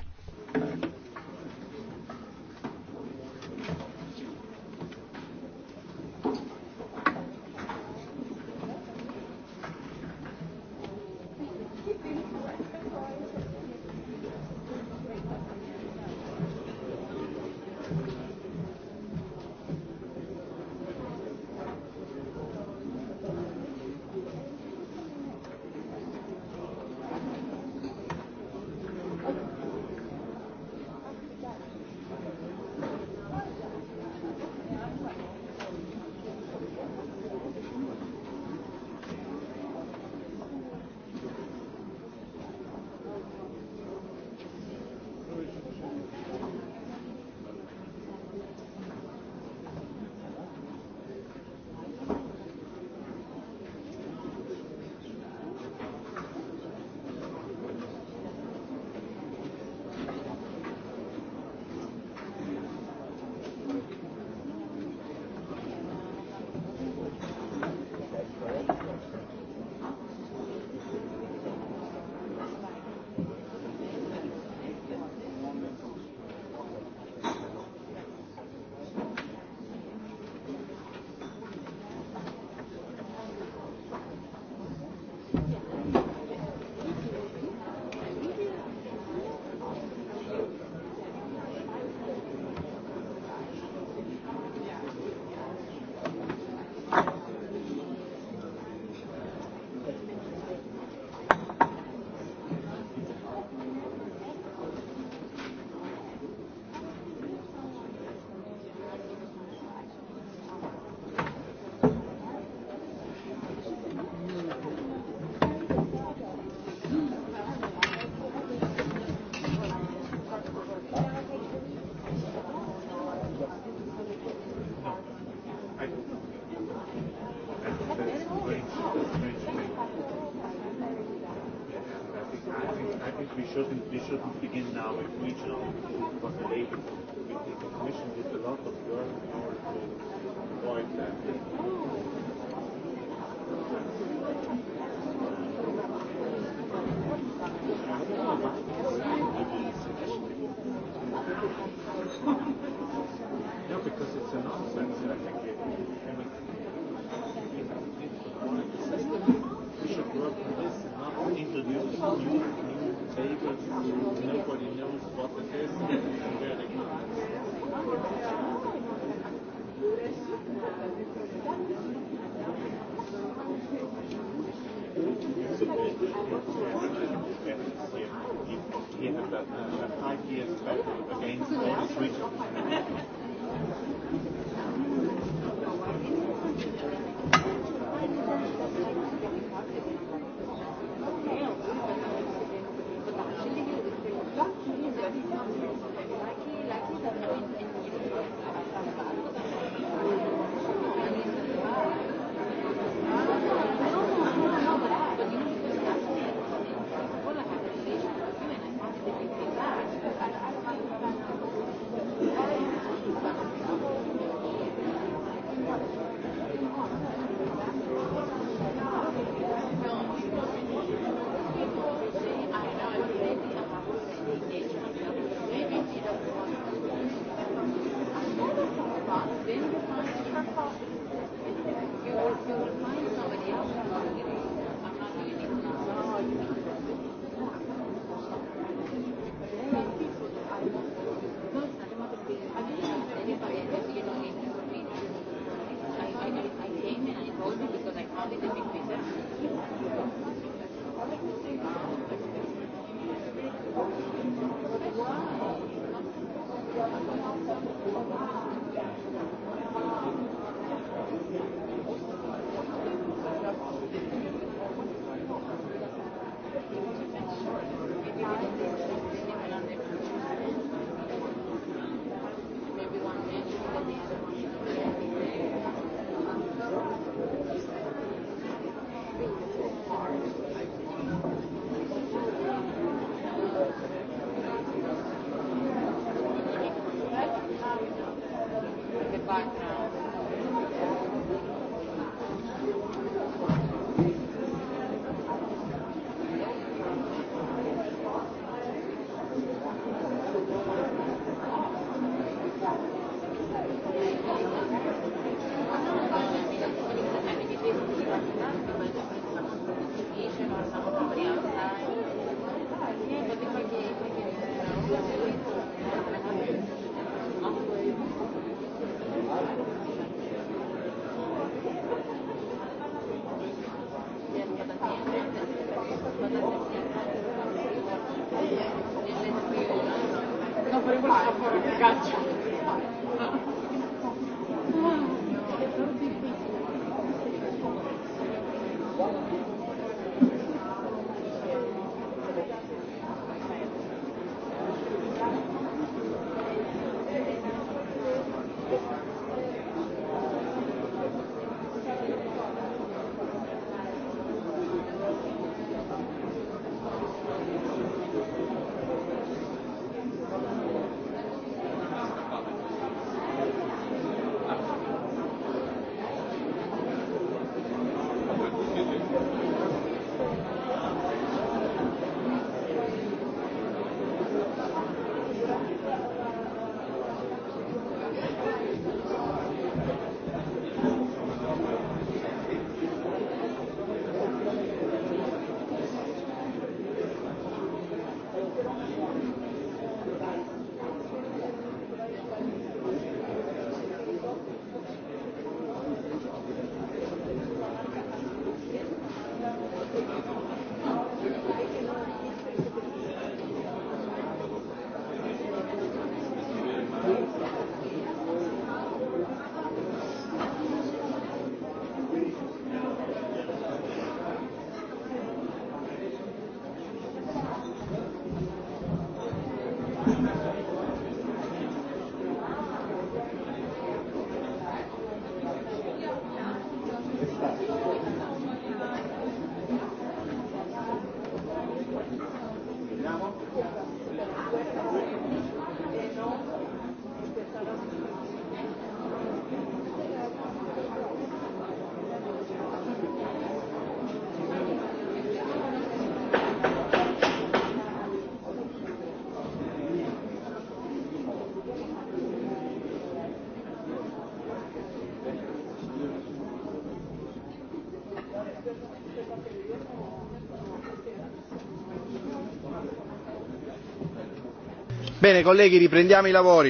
Bene, колеги, riprendiamo i lavori.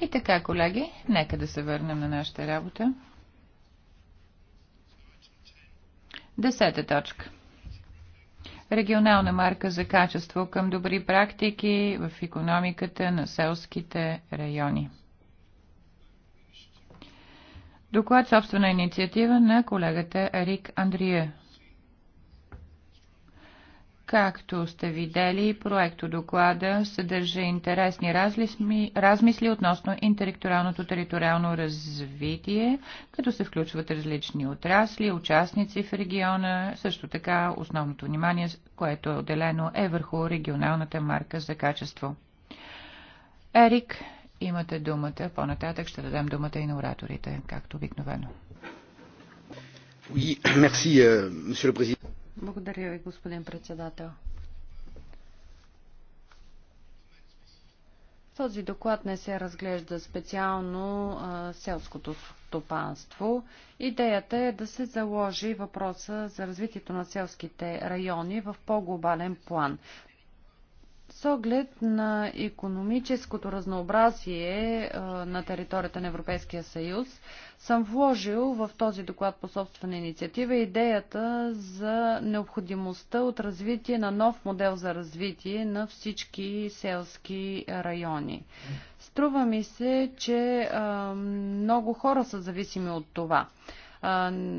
И така, колеги, нека да се върнем на нашата работа. Десета точка. Регионална марка за качество към добри практики в економиката на селските райони. Доклад собствена инициатива на колегата Ерик Андрие. Както сте видели, проекто доклада съдържа интересни разлисми, размисли относно интелектуалното териториално развитие, като се включват различни отрасли, участници в региона. Също така основното внимание, което е отделено, е върху регионалната марка за качество. Ерик, имате думата. По-нататък ще дадем думата и на ораторите, както обикновено. Oui, merci, euh, благодаря ви, господин председател. този доклад не се разглежда специално а, селското стопанство. Идеята е да се заложи въпроса за развитието на селските райони в по-глобален план оглед на економическото разнообразие е, на територията на Европейския съюз, съм вложил в този доклад по собствена инициатива идеята за необходимостта от развитие на нов модел за развитие на всички селски райони. Струва ми се, че много хора са зависими от това.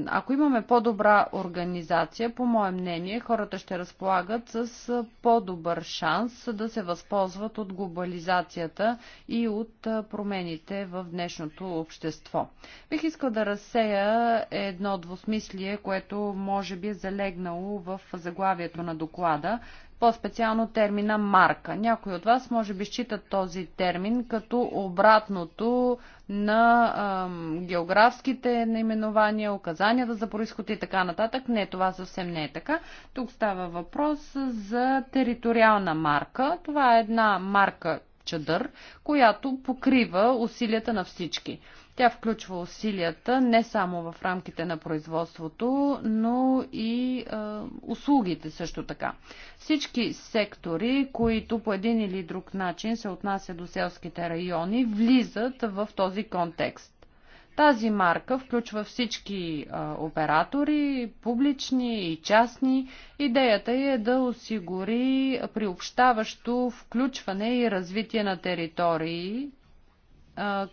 Ако имаме по-добра организация, по мое мнение, хората ще разполагат с по-добър шанс да се възползват от глобализацията и от промените в днешното общество. Бих искал да разсея едно двусмислие, което може би е залегнало в заглавието на доклада, по-специално термина марка. Някои от вас може би считат този термин като обратното на ам, географските наименования, указанията за происход и така нататък. Не, това съвсем не е така. Тук става въпрос за териториална марка. Това е една марка чадър, която покрива усилията на всички. Тя включва усилията не само в рамките на производството, но и е, услугите също така. Всички сектори, които по един или друг начин се отнасят до селските райони, влизат в този контекст. Тази марка включва всички е, оператори, публични и частни. Идеята е да осигури приобщаващо включване и развитие на територии, е,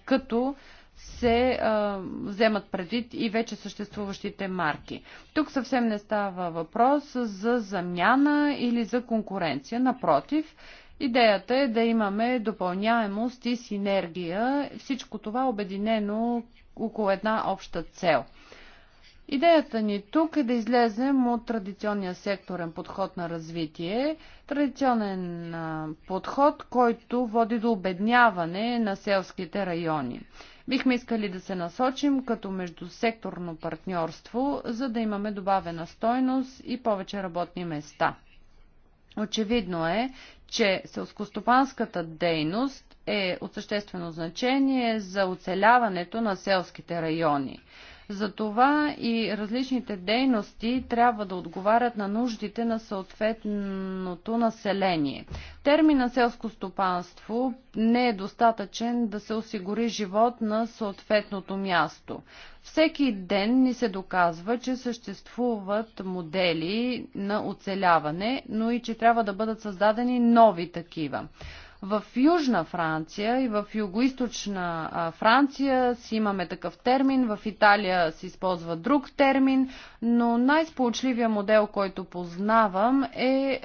като се а, вземат предвид и вече съществуващите марки. Тук съвсем не става въпрос за замяна или за конкуренция. Напротив, идеята е да имаме допълняемост и синергия, всичко това обединено около една обща цел. Идеята ни тук е да излезем от традиционния секторен подход на развитие, традиционен подход, който води до обедняване на селските райони. Бихме искали да се насочим като междусекторно партньорство, за да имаме добавена стойност и повече работни места. Очевидно е, че селскостопанската дейност е от съществено значение за оцеляването на селските райони. Затова и различните дейности трябва да отговарят на нуждите на съответното население. Термина селско стопанство не е достатъчен да се осигури живот на съответното място. Всеки ден ни се доказва, че съществуват модели на оцеляване, но и че трябва да бъдат създадени нови такива. В Южна Франция и в югоисточна Франция си имаме такъв термин, в Италия се използва друг термин, но най-сполучливия модел, който познавам е,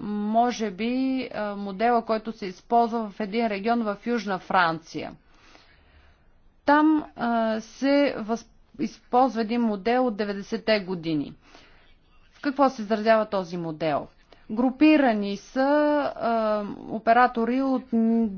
може би, модела, който се използва в един регион в Южна Франция. Там се използва един модел от 90-те години. В какво се изразява този модел? Групирани са а, оператори от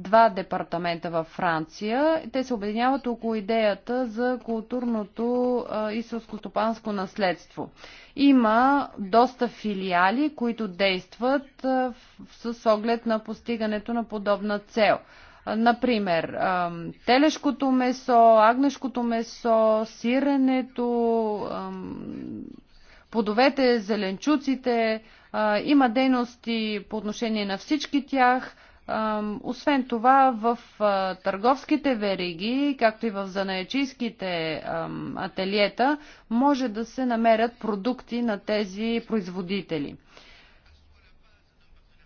два департамента във Франция. Те се объединяват около идеята за културното а, и селскостопанско наследство. Има доста филиали, които действат а, с оглед на постигането на подобна цел. Например, телешкото месо, агнешкото месо, сиренето, плодовете, зеленчуците. Има дейности по отношение на всички тях. Освен това, в търговските вериги, както и в занаячийските ателиета, може да се намерят продукти на тези производители.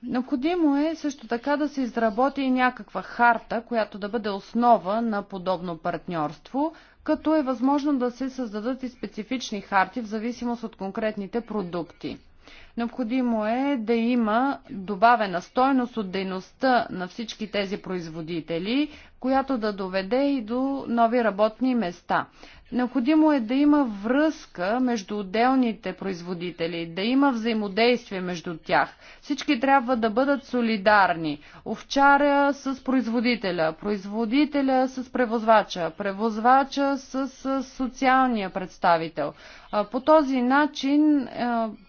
Необходимо е също така да се изработи и някаква харта, която да бъде основа на подобно партньорство, като е възможно да се създадат и специфични харти в зависимост от конкретните продукти. Необходимо е да има добавена стойност от дейността на всички тези производители, която да доведе и до нови работни места. Необходимо е да има връзка между отделните производители, да има взаимодействие между тях. Всички трябва да бъдат солидарни. Овчаря с производителя, производителя с превозвача, превозвача с социалния представител. По този начин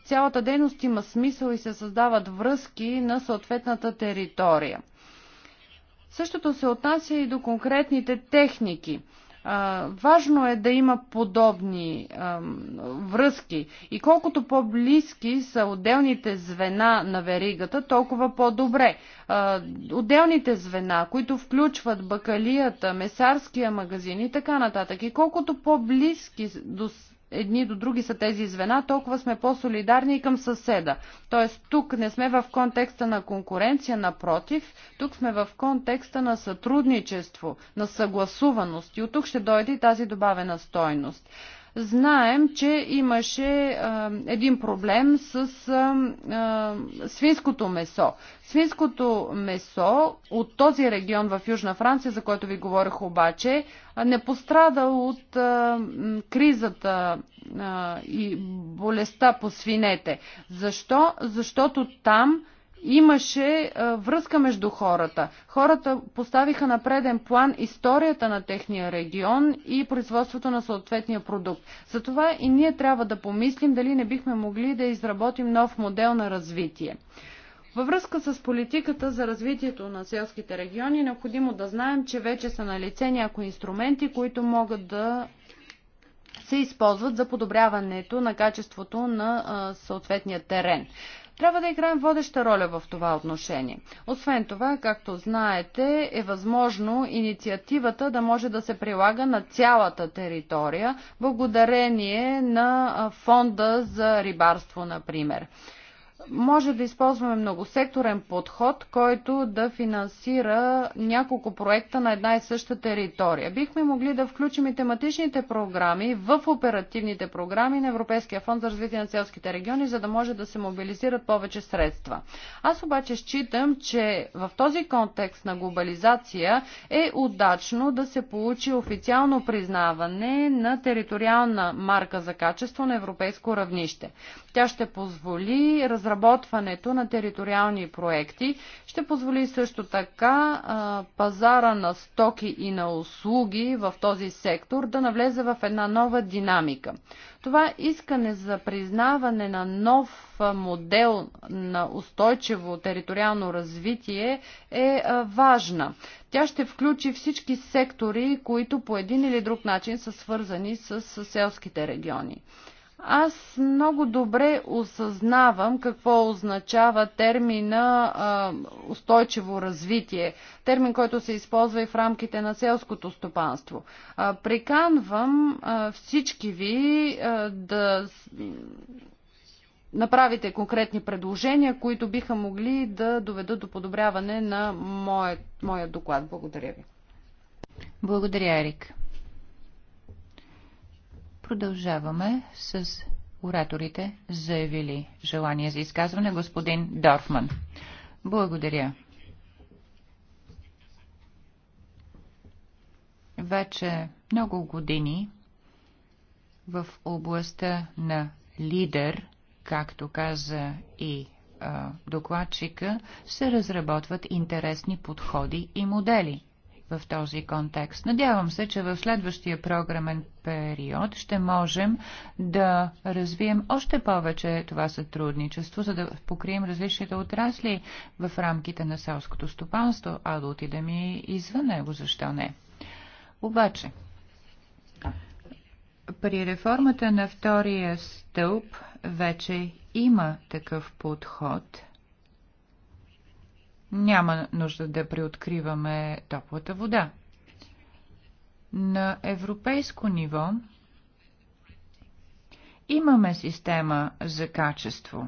цялата дейност има смисъл и се създават връзки на съответната територия. Същото се отнася и до конкретните техники важно е да има подобни връзки. И колкото по-близки са отделните звена на веригата, толкова по-добре. Отделните звена, които включват бакалията, месарския магазин и така нататък. И колкото по-близки до едни до други са тези звена, толкова сме по-солидарни и към съседа. Тоест тук не сме в контекста на конкуренция, напротив, тук сме в контекста на сътрудничество, на съгласуваност и от тук ще дойде и тази добавена стойност. Знаем, че имаше един проблем с свинското месо. Свинското месо от този регион в Южна Франция, за който ви говорих обаче, не пострада от кризата и болестта по свинете. Защо? Защото там имаше а, връзка между хората. Хората поставиха на преден план историята на техния регион и производството на съответния продукт. Затова и ние трябва да помислим дали не бихме могли да изработим нов модел на развитие. Във връзка с политиката за развитието на селските региони е необходимо да знаем, че вече са на лице някои инструменти, които могат да се използват за подобряването на качеството на съответния терен трябва да играем водеща роля в това отношение. Освен това, както знаете, е възможно инициативата да може да се прилага на цялата територия, благодарение на фонда за рибарство, например може да използваме многосекторен подход, който да финансира няколко проекта на една и съща територия. Бихме могли да включим и тематичните програми в оперативните програми на Европейския фонд за развитие на селските региони, за да може да се мобилизират повече средства. Аз обаче считам, че в този контекст на глобализация е удачно да се получи официално признаване на териториална марка за качество на европейско равнище. Тя ще позволи разработването разработването на териториални проекти. Ще позволи също така пазара на стоки и на услуги в този сектор да навлезе в една нова динамика. Това искане за признаване на нов модел на устойчиво териториално развитие е важна. Тя ще включи всички сектори, които по един или друг начин са свързани с селските региони. Аз много добре осъзнавам какво означава термина а, устойчиво развитие, термин, който се използва и в рамките на селското стопанство. А, приканвам а, всички ви а, да направите конкретни предложения, които биха могли да доведат до подобряване на моят, моят доклад. Благодаря ви. Благодаря, Ерик. Продължаваме с ораторите, заявили желание за изказване господин Дорфман. Благодаря. Вече много години в областта на лидер, както каза и а, докладчика, се разработват интересни подходи и модели – в този контекст. Надявам се, че в следващия програмен период ще можем да развием още повече това сътрудничество, за да покрием различните отрасли в рамките на селското стопанство, а да отидем и извън него, защо не. Обаче, при реформата на втория стълб вече има такъв подход – няма нужда да приоткриваме топлата вода. На европейско ниво имаме система за качество,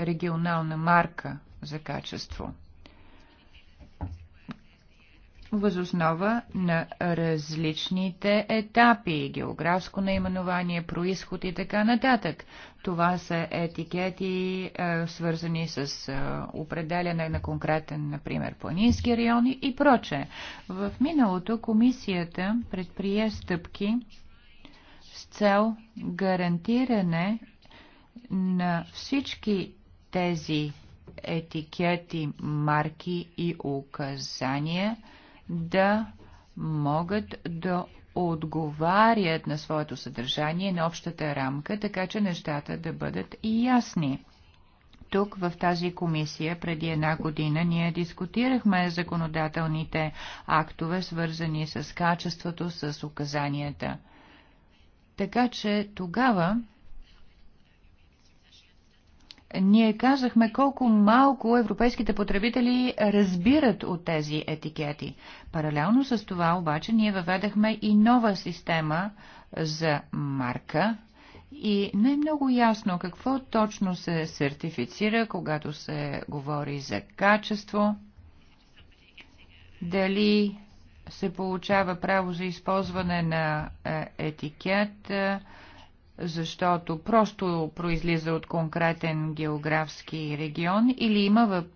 регионална марка за качество – възоснова на различните етапи, географско наименование, происход и така нататък. Това са етикети, е, свързани с е, определяне на конкретен, например, планински райони и проче. В миналото комисията предприе стъпки с цел гарантиране на всички тези етикети, марки и указания – да могат да отговарят на своето съдържание, на общата рамка, така че нещата да бъдат и ясни. Тук в тази комисия преди една година ние дискутирахме законодателните актове, свързани с качеството, с указанията. Така че тогава ние казахме колко малко европейските потребители разбират от тези етикети. Паралелно с това обаче ние въведахме и нова система за марка и не е много ясно какво точно се сертифицира, когато се говори за качество, дали се получава право за използване на е, етикет, защото просто произлиза от конкретен географски регион или има въп...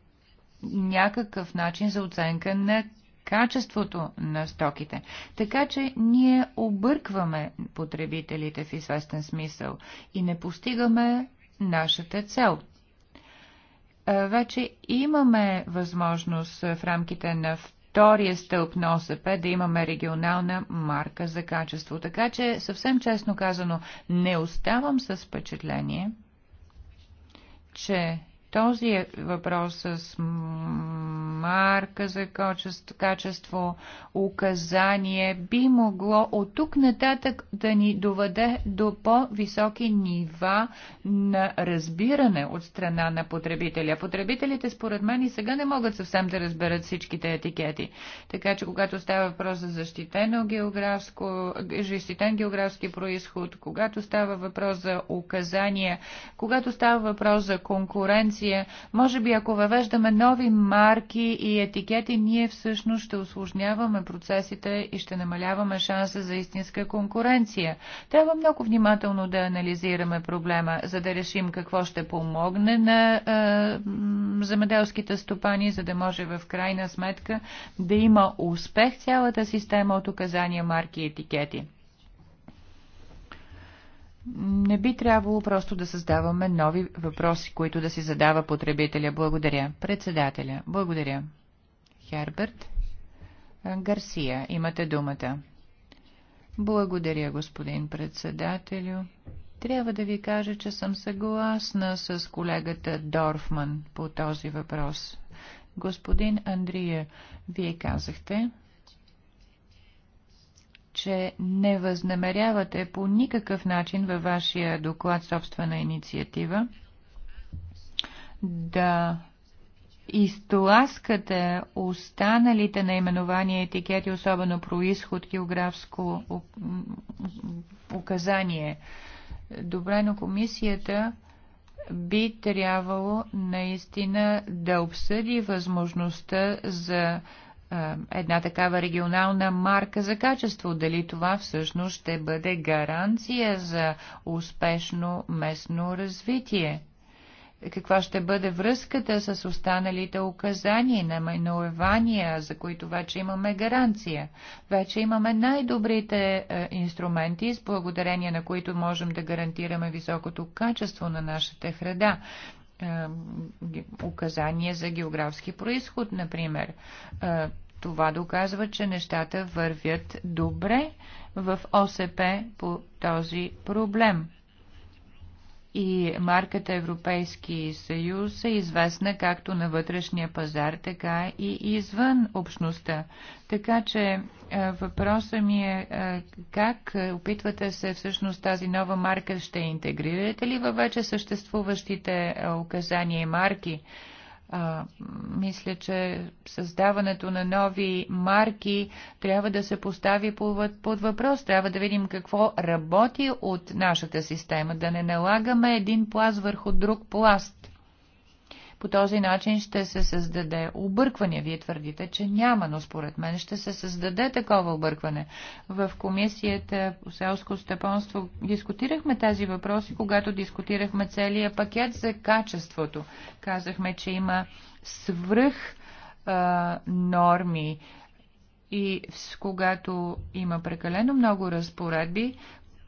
някакъв начин за оценка на качеството на стоките. Така че ние объркваме потребителите в известен смисъл и не постигаме нашата цел. Вече имаме възможност в рамките на втория стълб на ОСП да имаме регионална марка за качество. Така че, съвсем честно казано, не оставам с впечатление, че този е въпрос с марка за качество, указание, би могло от тук нататък да ни доведе до по-високи нива на разбиране от страна на потребителя. Потребителите, според мен, и сега не могат съвсем да разберат всичките етикети. Така че, когато става въпрос за защитено географско, защитен географски происход, когато става въпрос за указания, когато става въпрос за конкуренция, конкуренция. Може би ако въвеждаме нови марки и етикети, ние всъщност ще осложняваме процесите и ще намаляваме шанса за истинска конкуренция. Трябва много внимателно да анализираме проблема, за да решим какво ще помогне на е, земеделските стопани, за да може в крайна сметка да има успех цялата система от указания марки и етикети. Не би трябвало просто да създаваме нови въпроси, които да си задава потребителя. Благодаря. Председателя. Благодаря. Херберт. Гарсия, имате думата. Благодаря, господин председателю. Трябва да ви кажа, че съм съгласна с колегата Дорфман по този въпрос. Господин Андрия, вие казахте, че не възнамерявате по никакъв начин във вашия доклад собствена инициатива да изтласкате останалите наименования, етикети, особено происход, географско указание. Добре, но комисията би трябвало наистина да обсъди възможността за е, една такава регионална марка за качество. Дали това всъщност ще бъде гаранция за успешно местно развитие? Каква ще бъде връзката с останалите указания, наименования, за които вече имаме гаранция? Вече имаме най-добрите е, инструменти, с благодарение на които можем да гарантираме високото качество на нашата храда указания за географски происход, например. Това доказва, че нещата вървят добре в ОСП по този проблем и марката Европейски съюз е известна както на вътрешния пазар, така и извън общността. Така че е, въпросът ми е, е как е, опитвате се всъщност тази нова марка ще интегрирате ли във вече съществуващите указания и марки? А, мисля, че създаването на нови марки трябва да се постави под, под въпрос. Трябва да видим какво работи от нашата система, да не налагаме един пласт върху друг пласт. По този начин ще се създаде объркване. Вие твърдите, че няма, но според мен ще се създаде такова объркване. В Комисията по селско степонство дискутирахме тези въпроси, когато дискутирахме целия пакет за качеството. Казахме, че има свръх а, норми и когато има прекалено много разпоредби,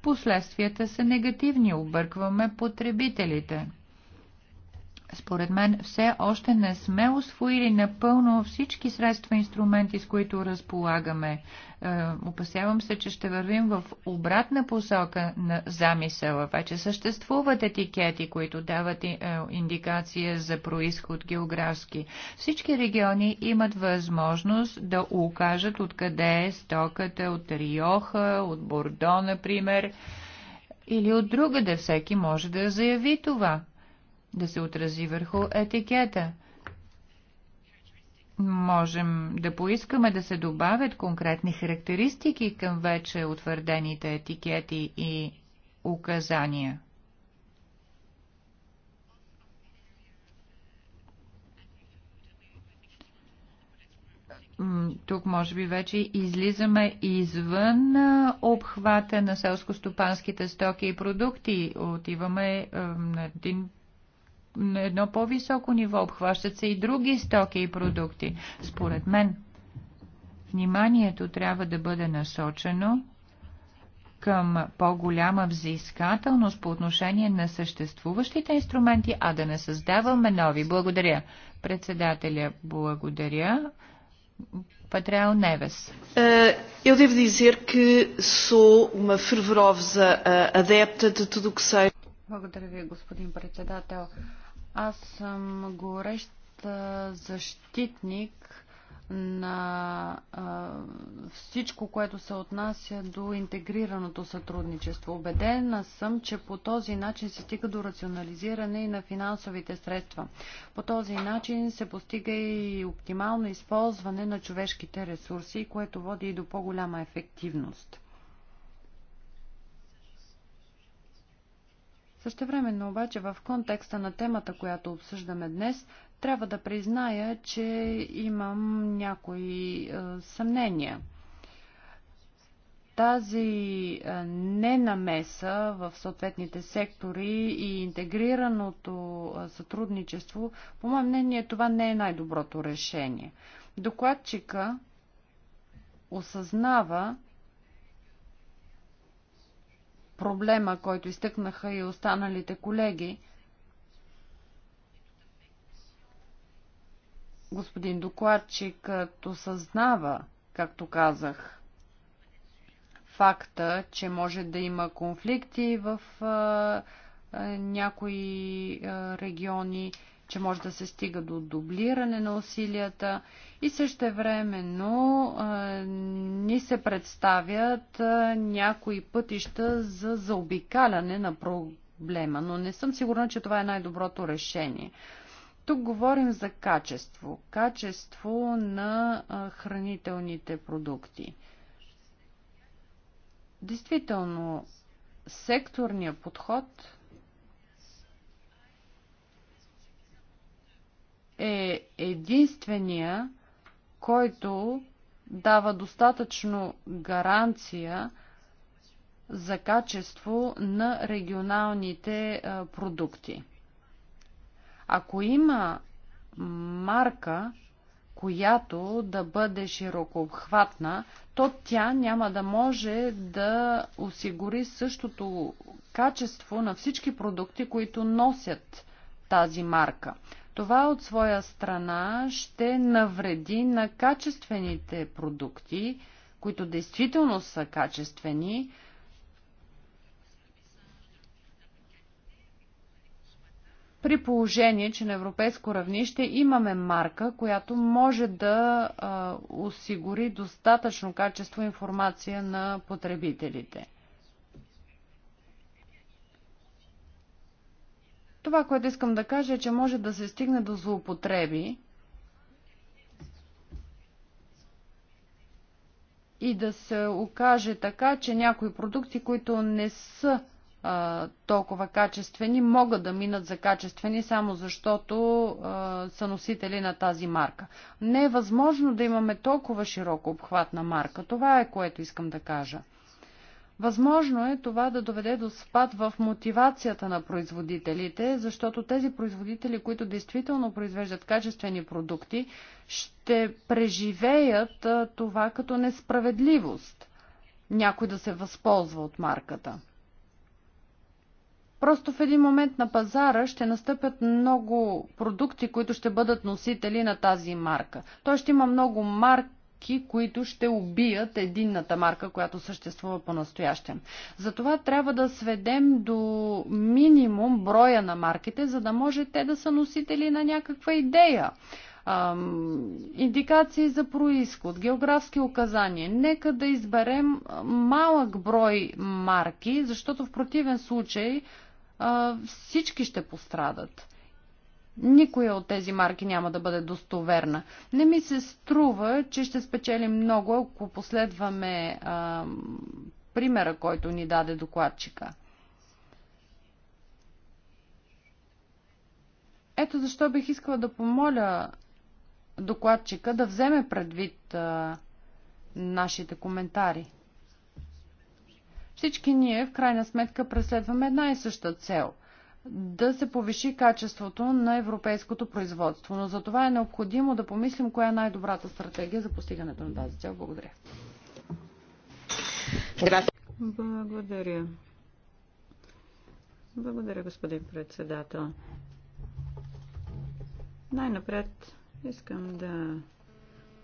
последствията са негативни, объркваме потребителите. Според мен все още не сме освоили напълно всички средства и инструменти, с които разполагаме. Е, опасявам се, че ще вървим в обратна посока на замисъла. Вече съществуват етикети, които дават е, индикация за происход географски. Всички региони имат възможност да укажат откъде е стоката, от Риоха, от Бордо, например, или от друга да Всеки може да заяви това да се отрази върху етикета. Можем да поискаме да се добавят конкретни характеристики към вече утвърдените етикети и указания. тук може би вече излизаме извън обхвата на селско-стопанските стоки и продукти. Отиваме на един на едно по-високо ниво. Обхващат се и други стоки и продукти. Според мен, вниманието трябва да бъде насочено към по-голяма взискателност по отношение на съществуващите инструменти, а да не създаваме нови. Благодаря. Председателя, благодаря. Патреал Невес. Е, eu devo dizer que sou uma fervorosa е, adepta de tudo o que sei. Благодаря ви, господин председател. Аз съм горещ защитник на а, всичко, което се отнася до интегрираното сътрудничество. Обедена съм, че по този начин се стига до рационализиране и на финансовите средства. По този начин се постига и оптимално използване на човешките ресурси, което води и до по-голяма ефективност. Същевременно обаче в контекста на темата, която обсъждаме днес, трябва да призная, че имам някои е, съмнения. Тази е, ненамеса в съответните сектори и интегрираното е, сътрудничество, по мое мнение, това не е най-доброто решение. Докладчика осъзнава, проблема, който изтъкнаха и останалите колеги. Господин докладчик като съзнава, както казах, факта, че може да има конфликти в някои региони че може да се стига до дублиране на усилията и същевременно а, ни се представят а, някои пътища за заобикаляне на проблема, но не съм сигурна, че това е най-доброто решение. Тук говорим за качество. Качество на а, хранителните продукти. Действително, секторният подход – е единствения, който дава достатъчно гаранция за качество на регионалните продукти. Ако има марка, която да бъде широко обхватна, то тя няма да може да осигури същото качество на всички продукти, които носят тази марка. Това от своя страна ще навреди на качествените продукти, които действително са качествени, при положение, че на европейско равнище имаме марка, която може да а, осигури достатъчно качество информация на потребителите. Това, което искам да кажа е, че може да се стигне до злоупотреби и да се окаже така, че някои продукти, които не са а, толкова качествени, могат да минат за качествени, само защото а, са носители на тази марка. Не е възможно да имаме толкова широко обхват на марка. Това е което искам да кажа. Възможно е това да доведе до спад в мотивацията на производителите, защото тези производители, които действително произвеждат качествени продукти, ще преживеят това като несправедливост. Някой да се възползва от марката. Просто в един момент на пазара ще настъпят много продукти, които ще бъдат носители на тази марка. Той ще има много марки мерки, които ще убият единната марка, която съществува по-настоящем. Затова трябва да сведем до минимум броя на марките, за да може те да са носители на някаква идея индикации за происход, географски указания. Нека да изберем малък брой марки, защото в противен случай всички ще пострадат. Никоя от тези марки няма да бъде достоверна. Не ми се струва, че ще спечелим много, ако последваме а, примера, който ни даде докладчика. Ето защо бих искала да помоля докладчика да вземе предвид а, нашите коментари. Всички ние, в крайна сметка, преследваме една и съща цел – да се повиши качеството на европейското производство. Но за това е необходимо да помислим коя е най-добрата стратегия за постигането на тази цел. Благодаря. Благодаря. Благодаря, господин председател. Най-напред искам да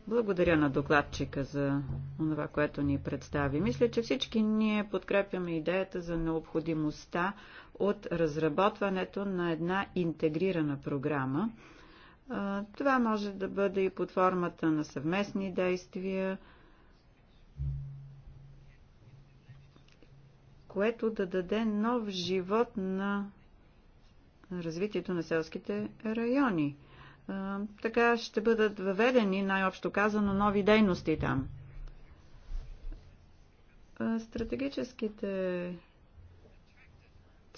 благодаря на докладчика за това, което ни представи. Мисля, че всички ние подкрепяме идеята за необходимостта от разработването на една интегрирана програма. Това може да бъде и под формата на съвместни действия, което да даде нов живот на развитието на селските райони. Така ще бъдат въведени, най-общо казано, нови дейности там. Стратегическите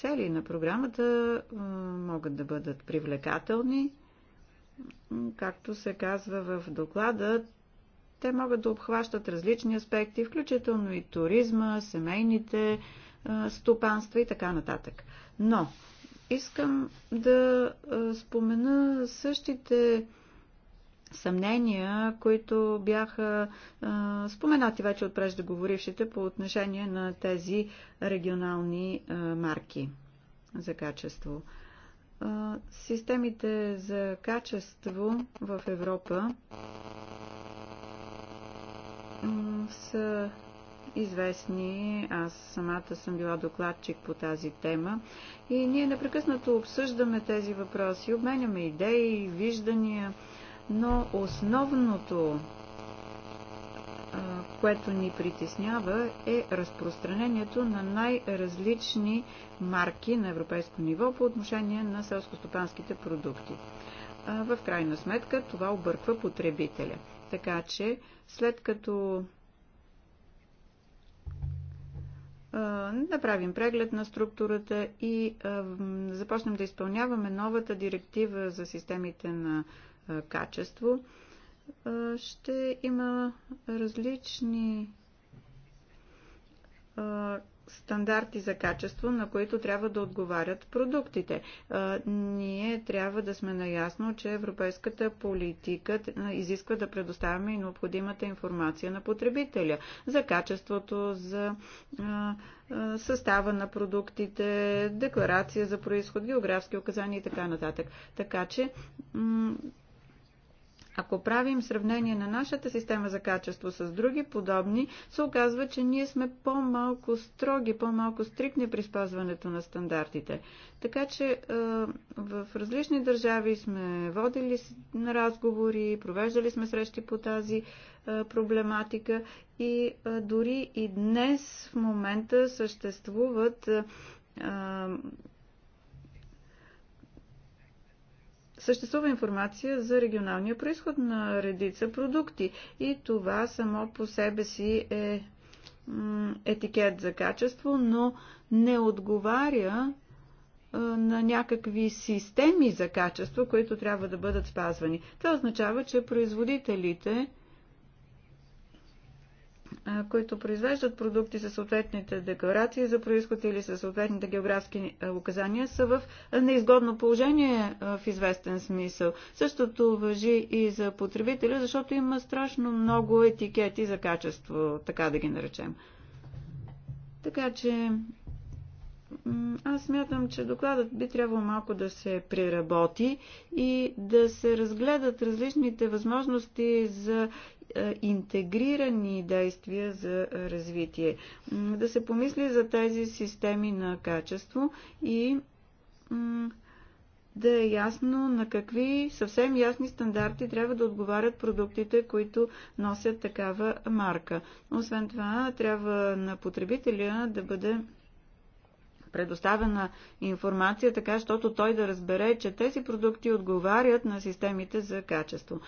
цели на програмата могат да бъдат привлекателни. Както се казва в доклада, те могат да обхващат различни аспекти, включително и туризма, семейните стопанства и така нататък. Но искам да спомена същите съмнения, които бяха а, споменати вече от преждеговорившите по отношение на тези регионални а, марки за качество. А, системите за качество в Европа са известни. Аз самата съм била докладчик по тази тема и ние непрекъснато обсъждаме тези въпроси, обменяме идеи, виждания но основното, което ни притеснява, е разпространението на най-различни марки на европейско ниво по отношение на селскостопанските продукти. В крайна сметка това обърква потребителя. Така че, след като направим преглед на структурата и започнем да изпълняваме новата директива за системите на качество, ще има различни стандарти за качество, на които трябва да отговарят продуктите. Ние трябва да сме наясно, че европейската политика изисква да предоставяме и необходимата информация на потребителя за качеството, за състава на продуктите, декларация за происход, географски указания и така нататък. Така че ако правим сравнение на нашата система за качество с други подобни, се оказва, че ние сме по-малко строги, по-малко стрикни при спазването на стандартите. Така че е, в различни държави сме водили на разговори, провеждали сме срещи по тази е, проблематика и е, дори и днес в момента съществуват съществува информация за регионалния происход на редица продукти и това само по себе си е етикет за качество, но не отговаря на някакви системи за качество, които трябва да бъдат спазвани. Това означава, че производителите които произвеждат продукти със съответните декларации за происход или със съответните географски указания, са в неизгодно положение в известен смисъл. Същото въжи и за потребителя, защото има страшно много етикети за качество, така да ги наречем. Така че аз мятам, че докладът би трябвало малко да се преработи и да се разгледат различните възможности за е, интегрирани действия за развитие. Да се помисли за тези системи на качество и да е ясно на какви съвсем ясни стандарти трябва да отговарят продуктите, които носят такава марка. Освен това, трябва на потребителя да бъде предоставена информация, така, защото той да разбере, че тези продукти отговарят на системите за качество.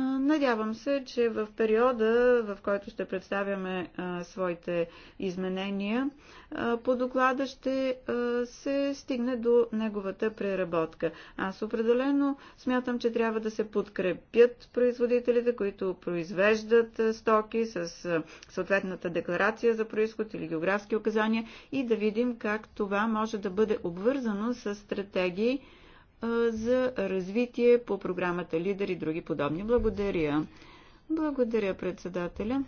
Надявам се, че в периода, в който ще представяме своите изменения по доклада, ще се стигне до неговата преработка. Аз определено смятам, че трябва да се подкрепят производителите, които произвеждат стоки с съответната декларация за происход или географски указания и да видим как това може да бъде обвързано с стратегии, за развитие по програмата Лидер и други подобни. Благодаря. Благодаря, председателя.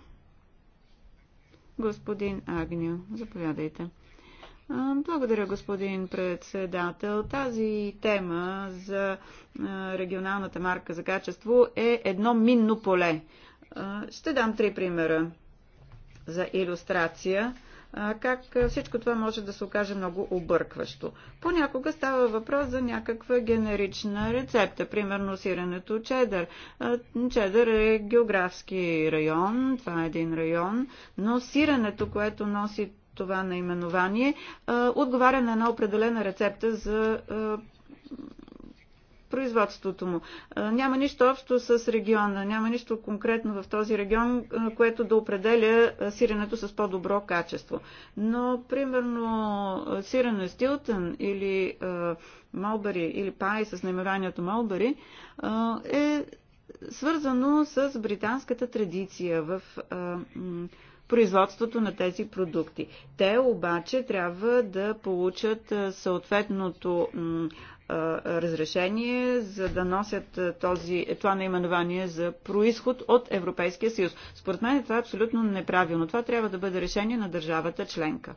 Господин Агню, заповядайте. Благодаря, господин председател. Тази тема за регионалната марка за качество е едно минно поле. Ще дам три примера за иллюстрация как всичко това може да се окаже много объркващо. Понякога става въпрос за някаква генерична рецепта, примерно сиренето чедър. Чедър е географски район, това е един район, но сиренето, което носи това наименование, отговаря на една определена рецепта за производството му. Няма нищо общо с региона, няма нищо конкретно в този регион, което да определя сиренето с по-добро качество. Но, примерно, сирено е Стилтън или Малбари или Пай с наименованието Малбари е свързано с британската традиция в производството на тези продукти. Те обаче трябва да получат съответното разрешение, за да носят този, е, това наименование за происход от Европейския съюз. Според мен това е абсолютно неправилно. Това трябва да бъде решение на държавата членка.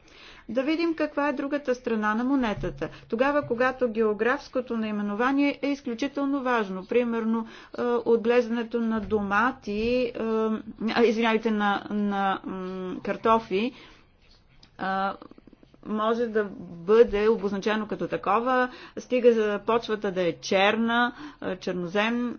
Да видим каква е другата страна на монетата. Тогава, когато географското наименование е изключително важно. Примерно, отглеждането на домати, извинявайте, на, на картофи, може да бъде обозначено като такова, стига за почвата да е черна, чернозем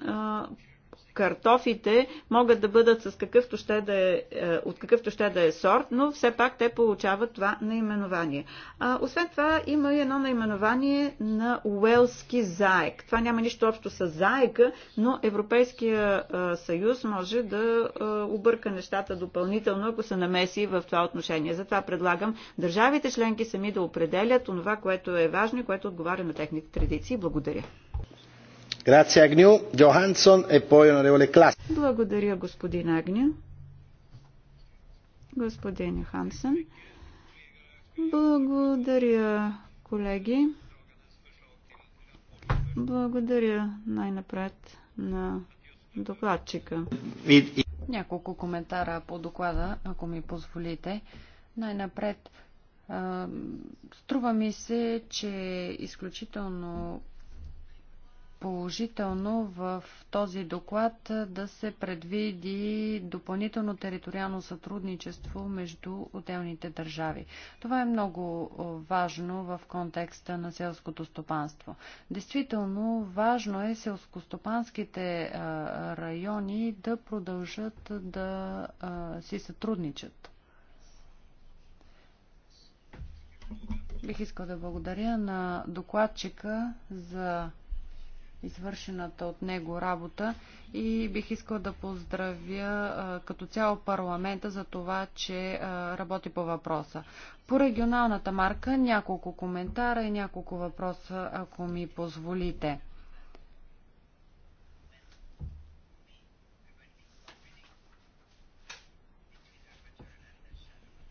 картофите могат да бъдат с какъвто ще да е, е, от какъвто ще да е сорт, но все пак те получават това наименование. А, освен това има и едно наименование на уелски заек. Това няма нищо общо с заека, но Европейския съюз може да обърка нещата допълнително, ако се намеси в това отношение. Затова предлагам държавите членки сами да определят онова, което е важно и което отговаря на техните традиции. Благодаря. E Благодаря, господин Агню. Господин Хансен. Благодаря, колеги. Благодаря най-напред на докладчика. Няколко коментара по доклада, ако ми позволите. Най-напред, струва ми се, че изключително положително в този доклад да се предвиди допълнително териториално сътрудничество между отделните държави. Това е много важно в контекста на селското стопанство. Действително важно е селскостопанските райони да продължат да си сътрудничат. Бих искал да благодаря на докладчика за извършената от него работа и бих искал да поздравя като цяло парламента за това, че работи по въпроса. По регионалната марка няколко коментара и няколко въпроса, ако ми позволите.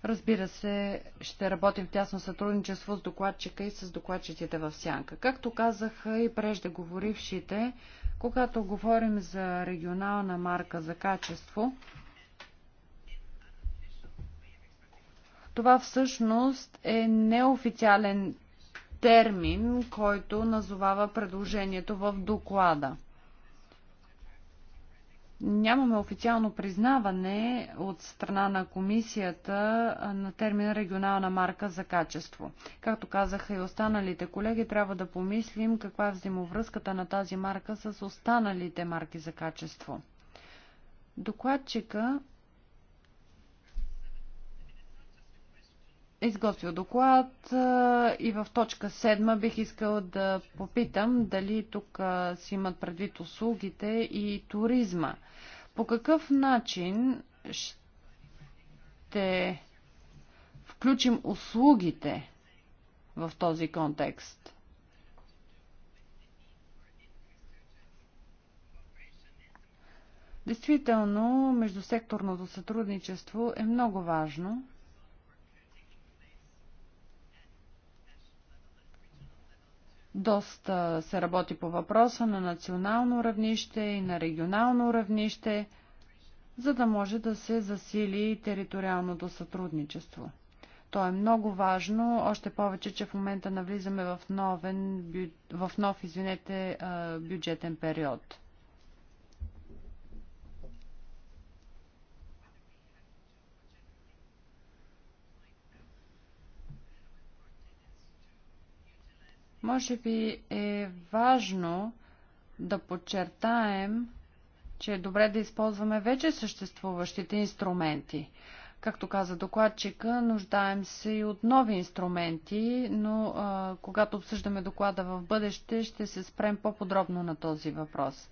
Разбира се, ще работим в тясно сътрудничество с докладчика и с докладчиците в сянка. Както казаха и преждеговорившите, когато говорим за регионална марка за качество, това всъщност е неофициален термин, който назовава предложението в доклада. Нямаме официално признаване от страна на комисията на термина регионална марка за качество. Както казаха и останалите колеги, трябва да помислим каква е взаимовръзката на тази марка с останалите марки за качество. Докладчика изготвил доклад и в точка 7 бих искала да попитам дали тук си имат предвид услугите и туризма. По какъв начин ще включим услугите в този контекст? Действително, междусекторното сътрудничество е много важно – Доста се работи по въпроса на национално равнище и на регионално равнище, за да може да се засили териториалното сътрудничество. То е много важно, още повече, че в момента навлизаме в, новен, в нов извинете, бюджетен период. Може би е важно да подчертаем, че е добре да използваме вече съществуващите инструменти. Както каза докладчика, нуждаем се и от нови инструменти, но а, когато обсъждаме доклада в бъдеще, ще се спрем по-подробно на този въпрос.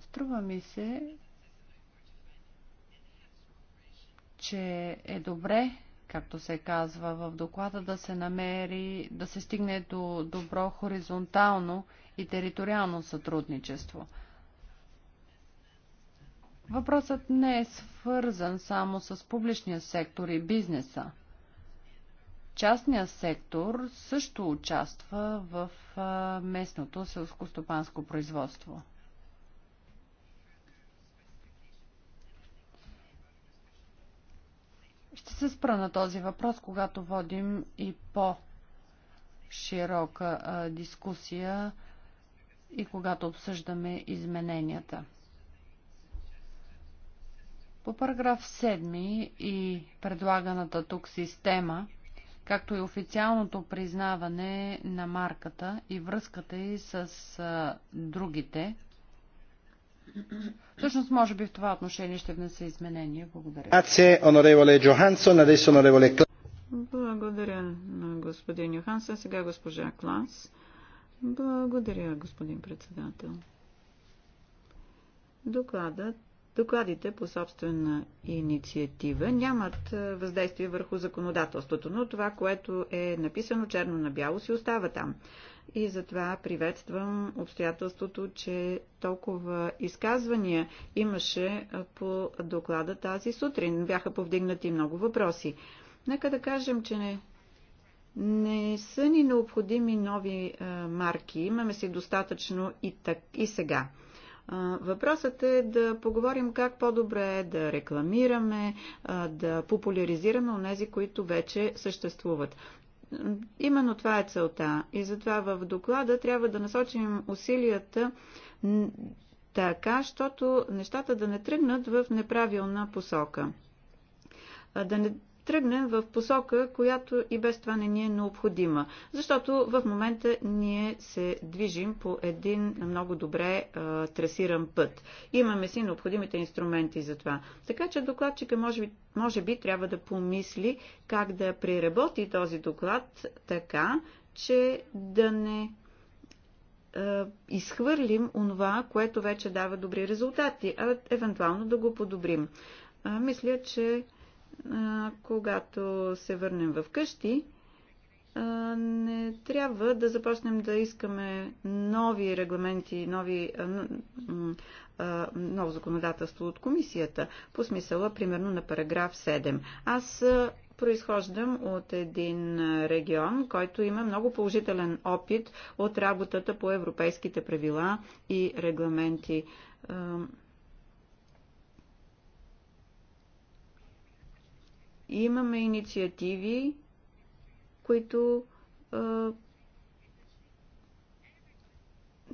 Струва ми се, че е добре както се казва в доклада, да се намери, да се стигне до добро хоризонтално и териториално сътрудничество. Въпросът не е свързан само с публичния сектор и бизнеса. Частният сектор също участва в местното селскостопанско производство. Ще се спра на този въпрос, когато водим и по-широка дискусия и когато обсъждаме измененията. По параграф 7 и предлаганата тук система, както и официалното признаване на марката и връзката й с другите Всъщност, може би в това отношение ще внеса изменения. Благодаря. Благодаря на господин Йохансен. Сега госпожа Кланс. Благодаря, господин председател. Докладът Докладите по собствена инициатива нямат е, въздействие върху законодателството, но това, което е написано черно на бяло, си остава там и затова приветствам обстоятелството, че толкова изказвания имаше по доклада тази сутрин. Бяха повдигнати много въпроси. Нека да кажем, че не, не са ни необходими нови а, марки. Имаме си достатъчно и, так, и сега. А, въпросът е да поговорим как по-добре е да рекламираме, а, да популяризираме онези, които вече съществуват. Именно това е целта. И затова в доклада трябва да насочим усилията така, защото нещата да не тръгнат в неправилна посока. Да не тръгнем в посока, която и без това не ни е необходима. Защото в момента ние се движим по един много добре а, трасиран път. Имаме си необходимите инструменти за това. Така че докладчика може би, може би трябва да помисли как да преработи този доклад така, че да не а, изхвърлим онова, което вече дава добри резултати, а евентуално да го подобрим. А, мисля, че когато се върнем в къщи, не трябва да започнем да искаме нови регламенти, нови, ново законодателство от комисията, по смисъла, примерно, на параграф 7. Аз произхождам от един регион, който има много положителен опит от работата по европейските правила и регламенти. имаме инициативи, които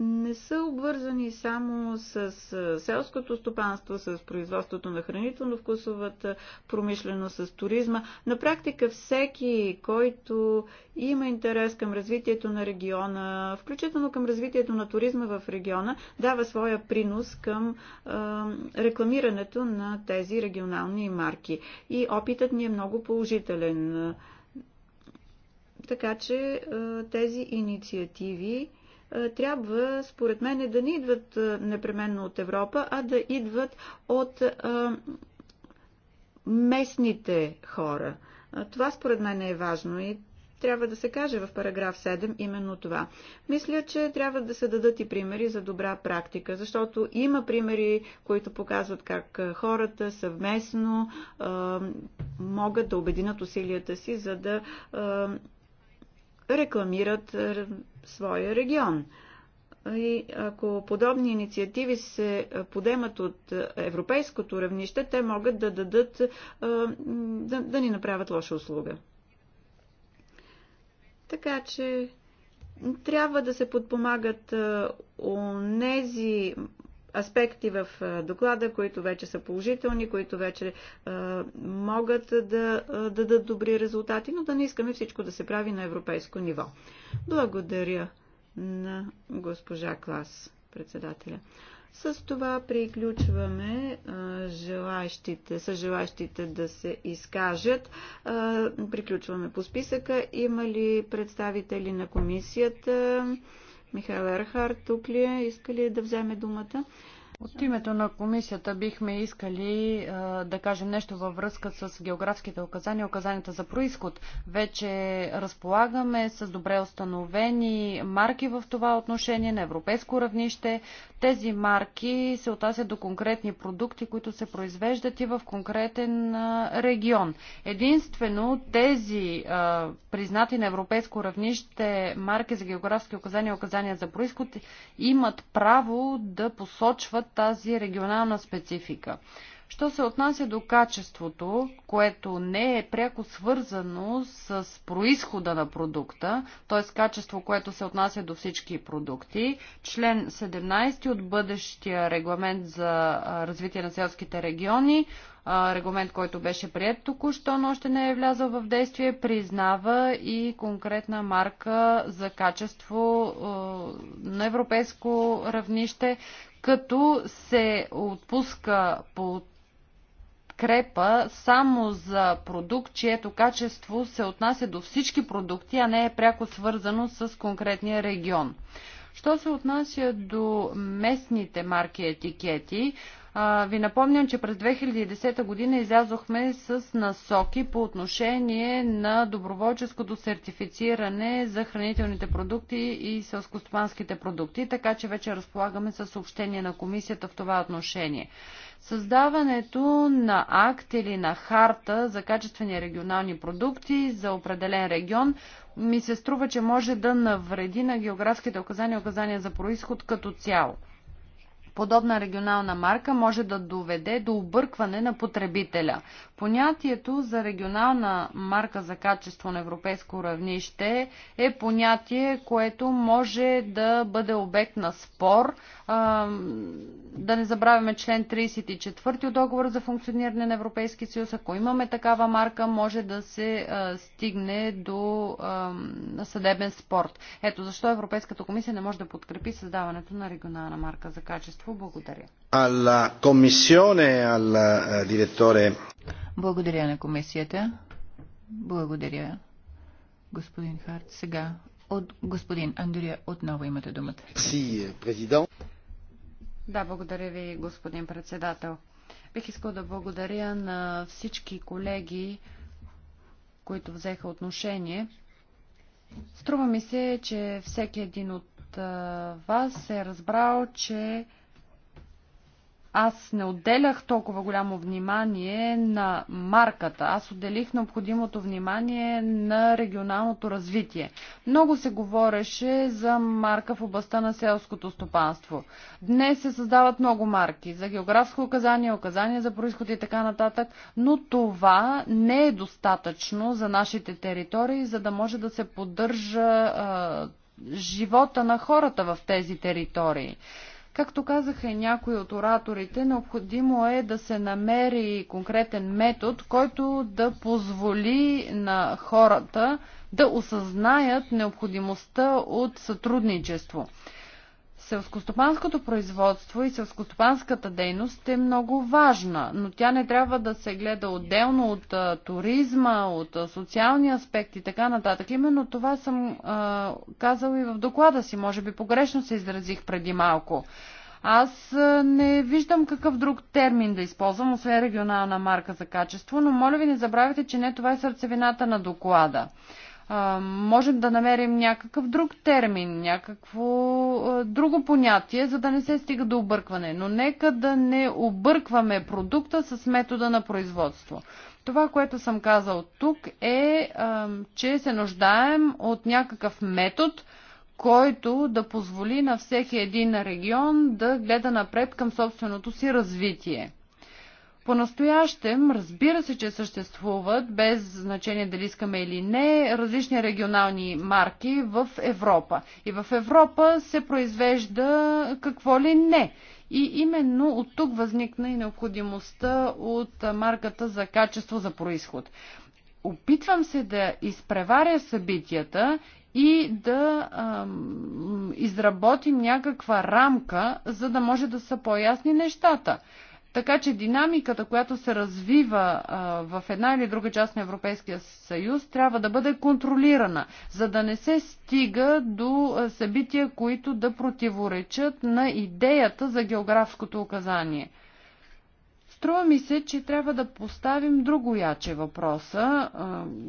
не са обвързани само с селското стопанство, с производството на хранително-вкусовата промишленост, с туризма. На практика всеки, който има интерес към развитието на региона, включително към развитието на туризма в региона, дава своя принос към е, рекламирането на тези регионални марки. И опитът ни е много положителен. Така че е, тези инициативи е, трябва, според мен, да не идват е, непременно от Европа, а да идват от е, местните хора. Това, според мен, е важно и трябва да се каже в параграф 7 именно това. Мисля, че трябва да се дадат и примери за добра практика, защото има примери, които показват как хората съвместно е, могат да обединят усилията си, за да е, рекламират е, своя регион. И ако подобни инициативи се е, подемат от е, европейското равнище, те могат да дадат, да, да ни направят лоша услуга. Така че трябва да се подпомагат онези аспекти в доклада, които вече са положителни, които вече могат да, да дадат добри резултати, но да не искаме всичко да се прави на европейско ниво. Благодаря на госпожа Клас, председателя. С това приключваме желащите, с желащите да се изкажат. Приключваме по списъка. Има ли представители на комисията? Михаил Ерхард тук ли е? Иска ли е да вземе думата? От името на комисията бихме искали а, да кажем нещо във връзка с географските указания, указанията за происход. Вече разполагаме с добре установени марки в това отношение на европейско равнище. Тези марки се отнасят до конкретни продукти, които се произвеждат и в конкретен а, регион. Единствено тези а, признати на европейско равнище марки за географски указания и указания за происход имат право да посочват тази регионална специфика. Що се отнася до качеството, което не е пряко свързано с происхода на продукта, т.е. качество, което се отнася до всички продукти, член 17 от бъдещия регламент за развитие на селските региони, регламент, който беше прият току-що, но още не е влязъл в действие, признава и конкретна марка за качество на европейско равнище, като се отпуска по подкрепа само за продукт, чието качество се отнася до всички продукти, а не е пряко свързано с конкретния регион. Що се отнася до местните марки етикети, ви напомням, че през 2010 година излязохме с насоки по отношение на доброволческото сертифициране за хранителните продукти и селскостопанските продукти, така че вече разполагаме с съобщение на комисията в това отношение. Създаването на акт или на харта за качествени регионални продукти за определен регион ми се струва, че може да навреди на географските указания и указания за происход като цяло. Подобна регионална марка може да доведе до объркване на потребителя. Понятието за регионална марка за качество на европейско равнище е понятие, което може да бъде обект на спор. Да не забравяме член 34 от договор за функциониране на Европейския съюз. Ако имаме такава марка, може да се стигне до съдебен спорт. Ето защо Европейската комисия не може да подкрепи създаването на регионална марка за качество благодаря. Eh, благодаря на комисията. Благодаря, господин Харт. Сега от господин Андрия, отново имате думата. Си, президент. Да, благодаря ви, господин председател. Бих искал да благодаря на всички колеги, които взеха отношение. Струва ми се, че всеки един от вас е разбрал, че аз не отделях толкова голямо внимание на марката. Аз отделих необходимото внимание на регионалното развитие. Много се говореше за марка в областта на селското стопанство. Днес се създават много марки за географско указание, указание за происход и така нататък, но това не е достатъчно за нашите територии, за да може да се поддържа а, живота на хората в тези територии. Както казаха и някои от ораторите, необходимо е да се намери конкретен метод, който да позволи на хората да осъзнаят необходимостта от сътрудничество. Селскостопанското производство и селскостопанската дейност е много важна, но тя не трябва да се гледа отделно от а, туризма, от а, социални аспекти и така нататък. Именно това съм а, казал и в доклада си. Може би погрешно се изразих преди малко. Аз не виждам какъв друг термин да използвам, освен регионална марка за качество, но моля ви не забравяйте, че не това е сърцевината на доклада а, можем да намерим някакъв друг термин, някакво а, друго понятие, за да не се стига до объркване. Но нека да не объркваме продукта с метода на производство. Това, което съм казал тук е, а, че се нуждаем от някакъв метод, който да позволи на всеки един регион да гледа напред към собственото си развитие. По-настоящем, разбира се, че съществуват, без значение дали искаме или не, различни регионални марки в Европа. И в Европа се произвежда какво ли не. И именно от тук възникна и необходимостта от марката за качество за происход. Опитвам се да изпреваря събитията и да ам, изработим някаква рамка, за да може да са по-ясни нещата. Така че динамиката, която се развива в една или друга част на Европейския съюз, трябва да бъде контролирана, за да не се стига до събития, които да противоречат на идеята за географското указание. Струва ми се, че трябва да поставим друго яче въпроса,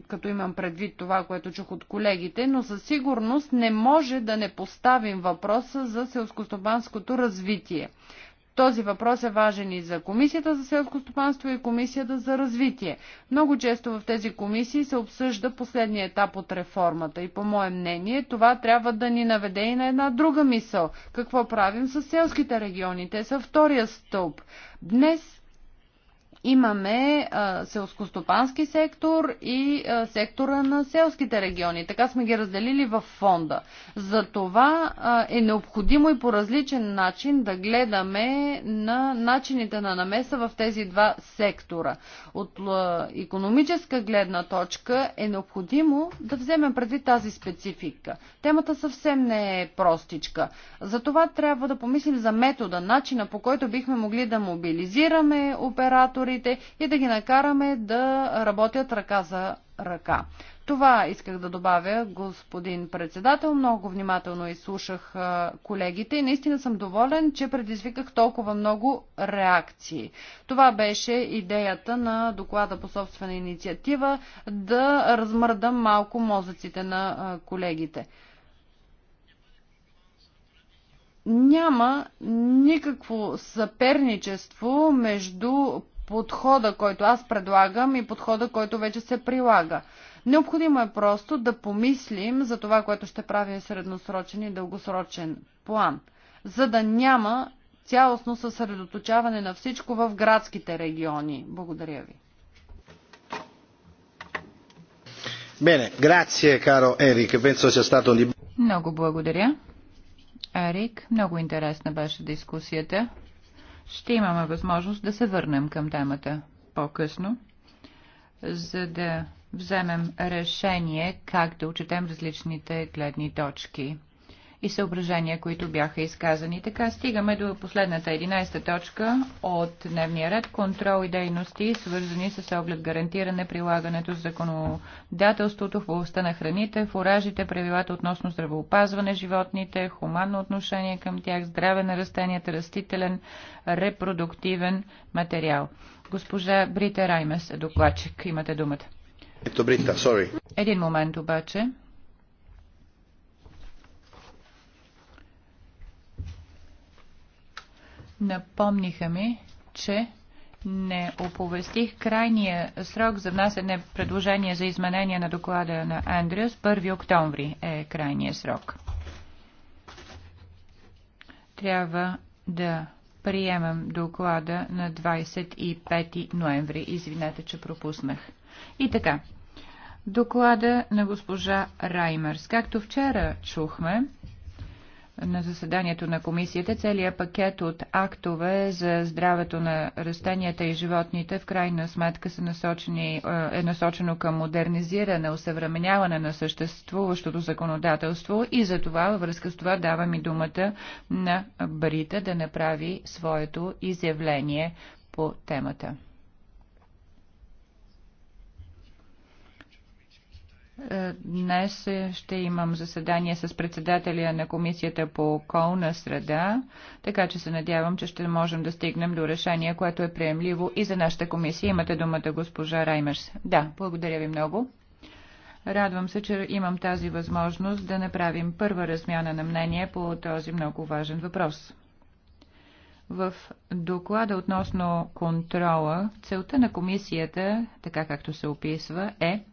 като имам предвид това, което чух от колегите, но със сигурност не може да не поставим въпроса за селскостопанското развитие. Този въпрос е важен и за Комисията за селско стопанство и Комисията за развитие. Много често в тези комисии се обсъжда последния етап от реформата и по мое мнение това трябва да ни наведе и на една друга мисъл. Какво правим с селските региони? Те са втория стълб. Днес имаме селскостопански сектор и сектора на селските региони. Така сме ги разделили в фонда. За това е необходимо и по различен начин да гледаме на начините на намеса в тези два сектора. От економическа гледна точка е необходимо да вземем преди тази специфика. Темата съвсем не е простичка. За това трябва да помислим за метода, начина по който бихме могли да мобилизираме оператори, преговорите и да ги накараме да работят ръка за ръка. Това исках да добавя, господин председател. Много внимателно изслушах колегите и наистина съм доволен, че предизвиках толкова много реакции. Това беше идеята на доклада по собствена инициатива да размърдам малко мозъците на колегите. Няма никакво съперничество между подхода, който аз предлагам и подхода, който вече се прилага. Необходимо е просто да помислим за това, което ще правим средносрочен и дългосрочен план, за да няма цялостно съсредоточаване на всичко в градските региони. Благодаря ви. Bene, grazie caro Eric, penso sia stato un Много благодаря. Ерик, много интересна беше дискусията. Ще имаме възможност да се върнем към темата по-късно, за да вземем решение как да учетем различните гледни точки и съображения, които бяха изказани. Така стигаме до последната 11 точка от дневния ред – контрол и дейности, свързани с оглед гарантиране прилагането с законодателството в областта на храните, фуражите, правилата относно здравеопазване, животните, хуманно отношение към тях, здраве на растенията, растителен, репродуктивен материал. Госпожа Брита Раймес е докладчик. Имате думата. Ето Брита, сори. Един момент обаче. Напомниха ми, че не оповестих крайния срок за внасяне предложение за изменение на доклада на Андреас. 1 октомври е крайния срок. Трябва да приемам доклада на 25 ноември. Извинете, че пропуснах. И така, доклада на госпожа Раймърс. Както вчера чухме, на заседанието на комисията целият пакет от актове за здравето на растенията и животните в крайна сметка са насочени, е, е насочено към модернизиране, усъвременяване на съществуващото законодателство и за това във връзка с това давам и думата на Брита да направи своето изявление по темата. Днес ще имам заседание с председателя на Комисията по околна среда, така че се надявам, че ще можем да стигнем до решение, което е приемливо и за нашата комисия. Имате думата, госпожа Раймерс. Да, благодаря ви много. Радвам се, че имам тази възможност да направим първа размяна на мнение по този много важен въпрос. В доклада относно контрола, целта на комисията, така както се описва, е –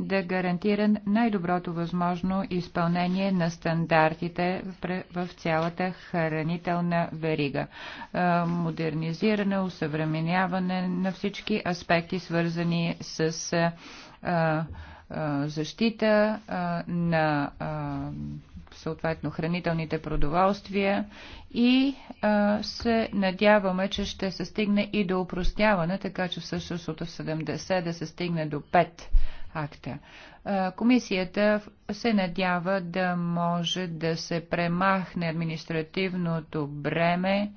да гарантира най-доброто възможно изпълнение на стандартите в цялата хранителна верига. Е, модернизиране, усъвременяване на всички аспекти, свързани с е, е, защита на съответно хранителните продоволствия и а, се надяваме, че ще се стигне и до упростяване, така че всъщност от 70 да се стигне до 5 акта. Комисията се надява да може да се премахне административното бреме,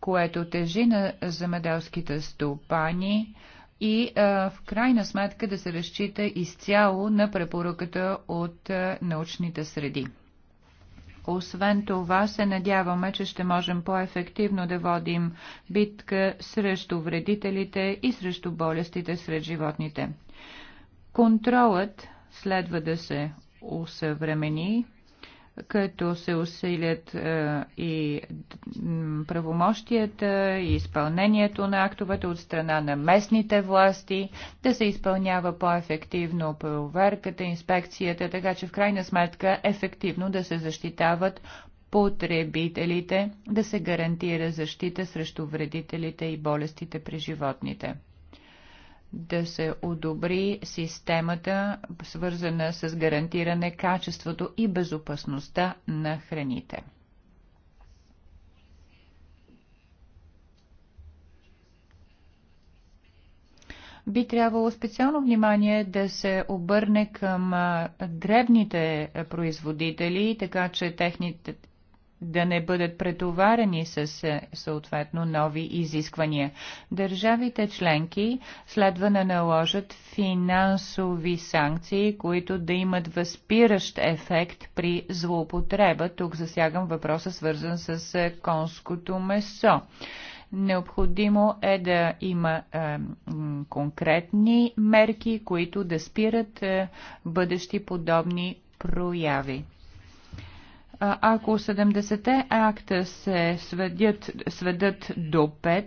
което тежи на земеделските стопани и в крайна сметка да се разчита изцяло на препоръката от научните среди. Освен това, се надяваме, че ще можем по-ефективно да водим битка срещу вредителите и срещу болестите сред животните. Контролът следва да се усъвремени като се усилят е, и правомощията и изпълнението на актовете от страна на местните власти, да се изпълнява по-ефективно проверката, инспекцията, така че в крайна сметка ефективно да се защитават потребителите, да се гарантира защита срещу вредителите и болестите при животните да се одобри системата, свързана с гарантиране качеството и безопасността на храните. би трябвало специално внимание да се обърне към дребните производители, така че техните да не бъдат претоварени с е, съответно нови изисквания. Държавите членки следва да наложат финансови санкции, които да имат възпиращ ефект при злоупотреба. Тук засягам въпроса свързан с е, конското месо. Необходимо е да има е, конкретни мерки, които да спират е, бъдещи подобни прояви ако 70-те акта се сведят, сведат до 5,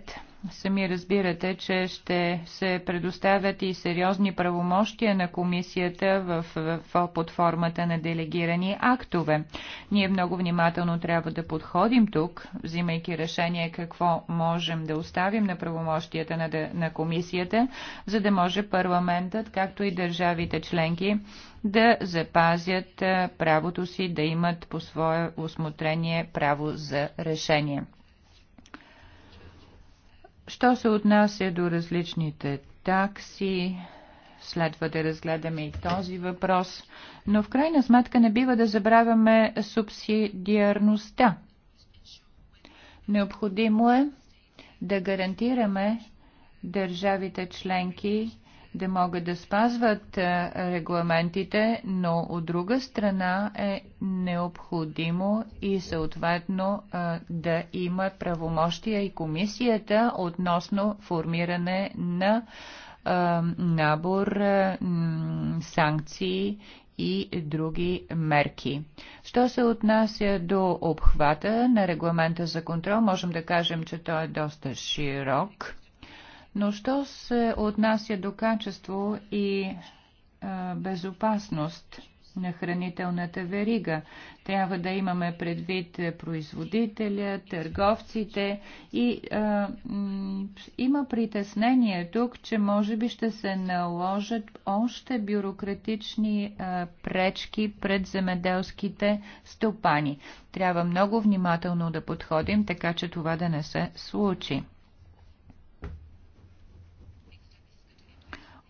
Сами разбирате, че ще се предоставят и сериозни правомощия на комисията в, в, под формата на делегирани актове. Ние много внимателно трябва да подходим тук, взимайки решение какво можем да оставим на правомощията на, на комисията, за да може парламентът, както и държавите членки, да запазят правото си да имат по свое усмотрение право за решение. Що се отнася до различните такси, следва да разгледаме и този въпрос, но в крайна сметка не бива да забравяме субсидиарността. Необходимо е да гарантираме държавите членки да могат да спазват е, регламентите, но от друга страна е необходимо и съответно е, да има правомощия и комисията относно формиране на е, набор санкции и други мерки. Що се отнася до обхвата на регламента за контрол, можем да кажем, че той е доста широк но що се отнася до качество и а, безопасност на хранителната верига, трябва да имаме предвид производителя, търговците и а, има притеснение тук, че може би ще се наложат още бюрократични а, пречки пред земеделските стопани. Трябва много внимателно да подходим, така че това да не се случи.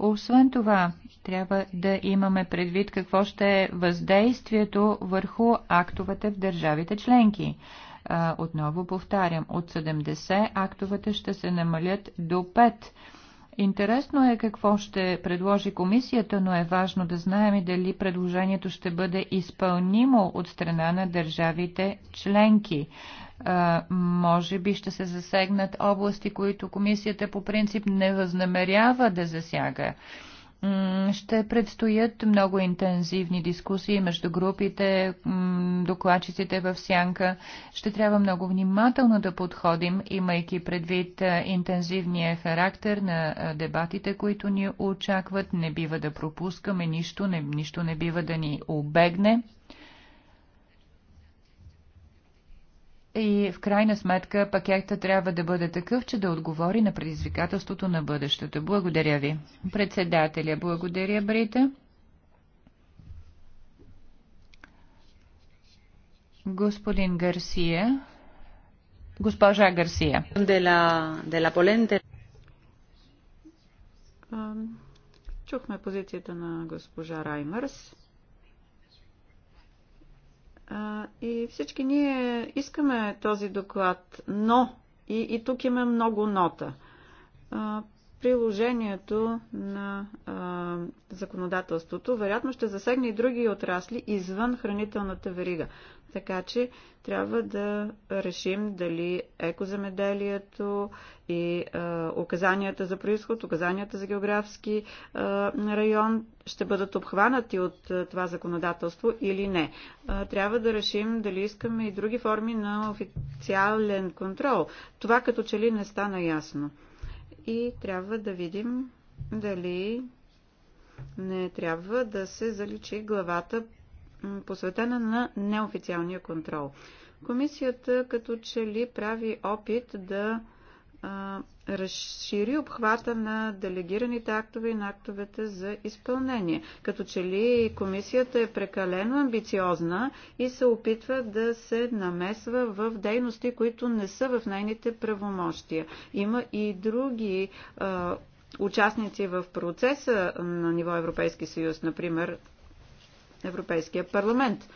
Освен това, трябва да имаме предвид какво ще е въздействието върху актовете в държавите членки. Отново повтарям, от 70 актовете ще се намалят до 5 Интересно е какво ще предложи комисията, но е важно да знаем и дали предложението ще бъде изпълнимо от страна на държавите членки. А, може би ще се засегнат области, които комисията по принцип не възнамерява да засяга. А, ще предстоят много интензивни дискусии между групите, докладчиците в сянка. Ще трябва много внимателно да подходим, имайки предвид е, интензивния характер на е, дебатите, които ни очакват. Не бива да пропускаме нищо, не, нищо не бива да ни обегне. И в крайна сметка пакета трябва да бъде такъв, че да отговори на предизвикателството на бъдещето. Благодаря ви. Председателя, благодаря, Брита. Господин Гарсия. Госпожа Гарсия. De la, de la Чухме позицията на госпожа Раймърс. И всички ние искаме този доклад, но и, и тук има много нота приложението на а, законодателството вероятно ще засегне и други отрасли извън хранителната верига. Така че трябва да решим дали екоземеделието и а, указанията за происход, указанията за географски а, район ще бъдат обхванати от а, това законодателство или не. А, трябва да решим дали искаме и други форми на официален контрол. Това като че ли не стана ясно и трябва да видим дали не трябва да се заличи главата посветена на неофициалния контрол. Комисията като че ли прави опит да разшири обхвата на делегираните актове и на актовете за изпълнение. Като че ли комисията е прекалено амбициозна и се опитва да се намесва в дейности, които не са в нейните правомощия. Има и други а, участници в процеса на ниво Европейски съюз, например Европейския парламент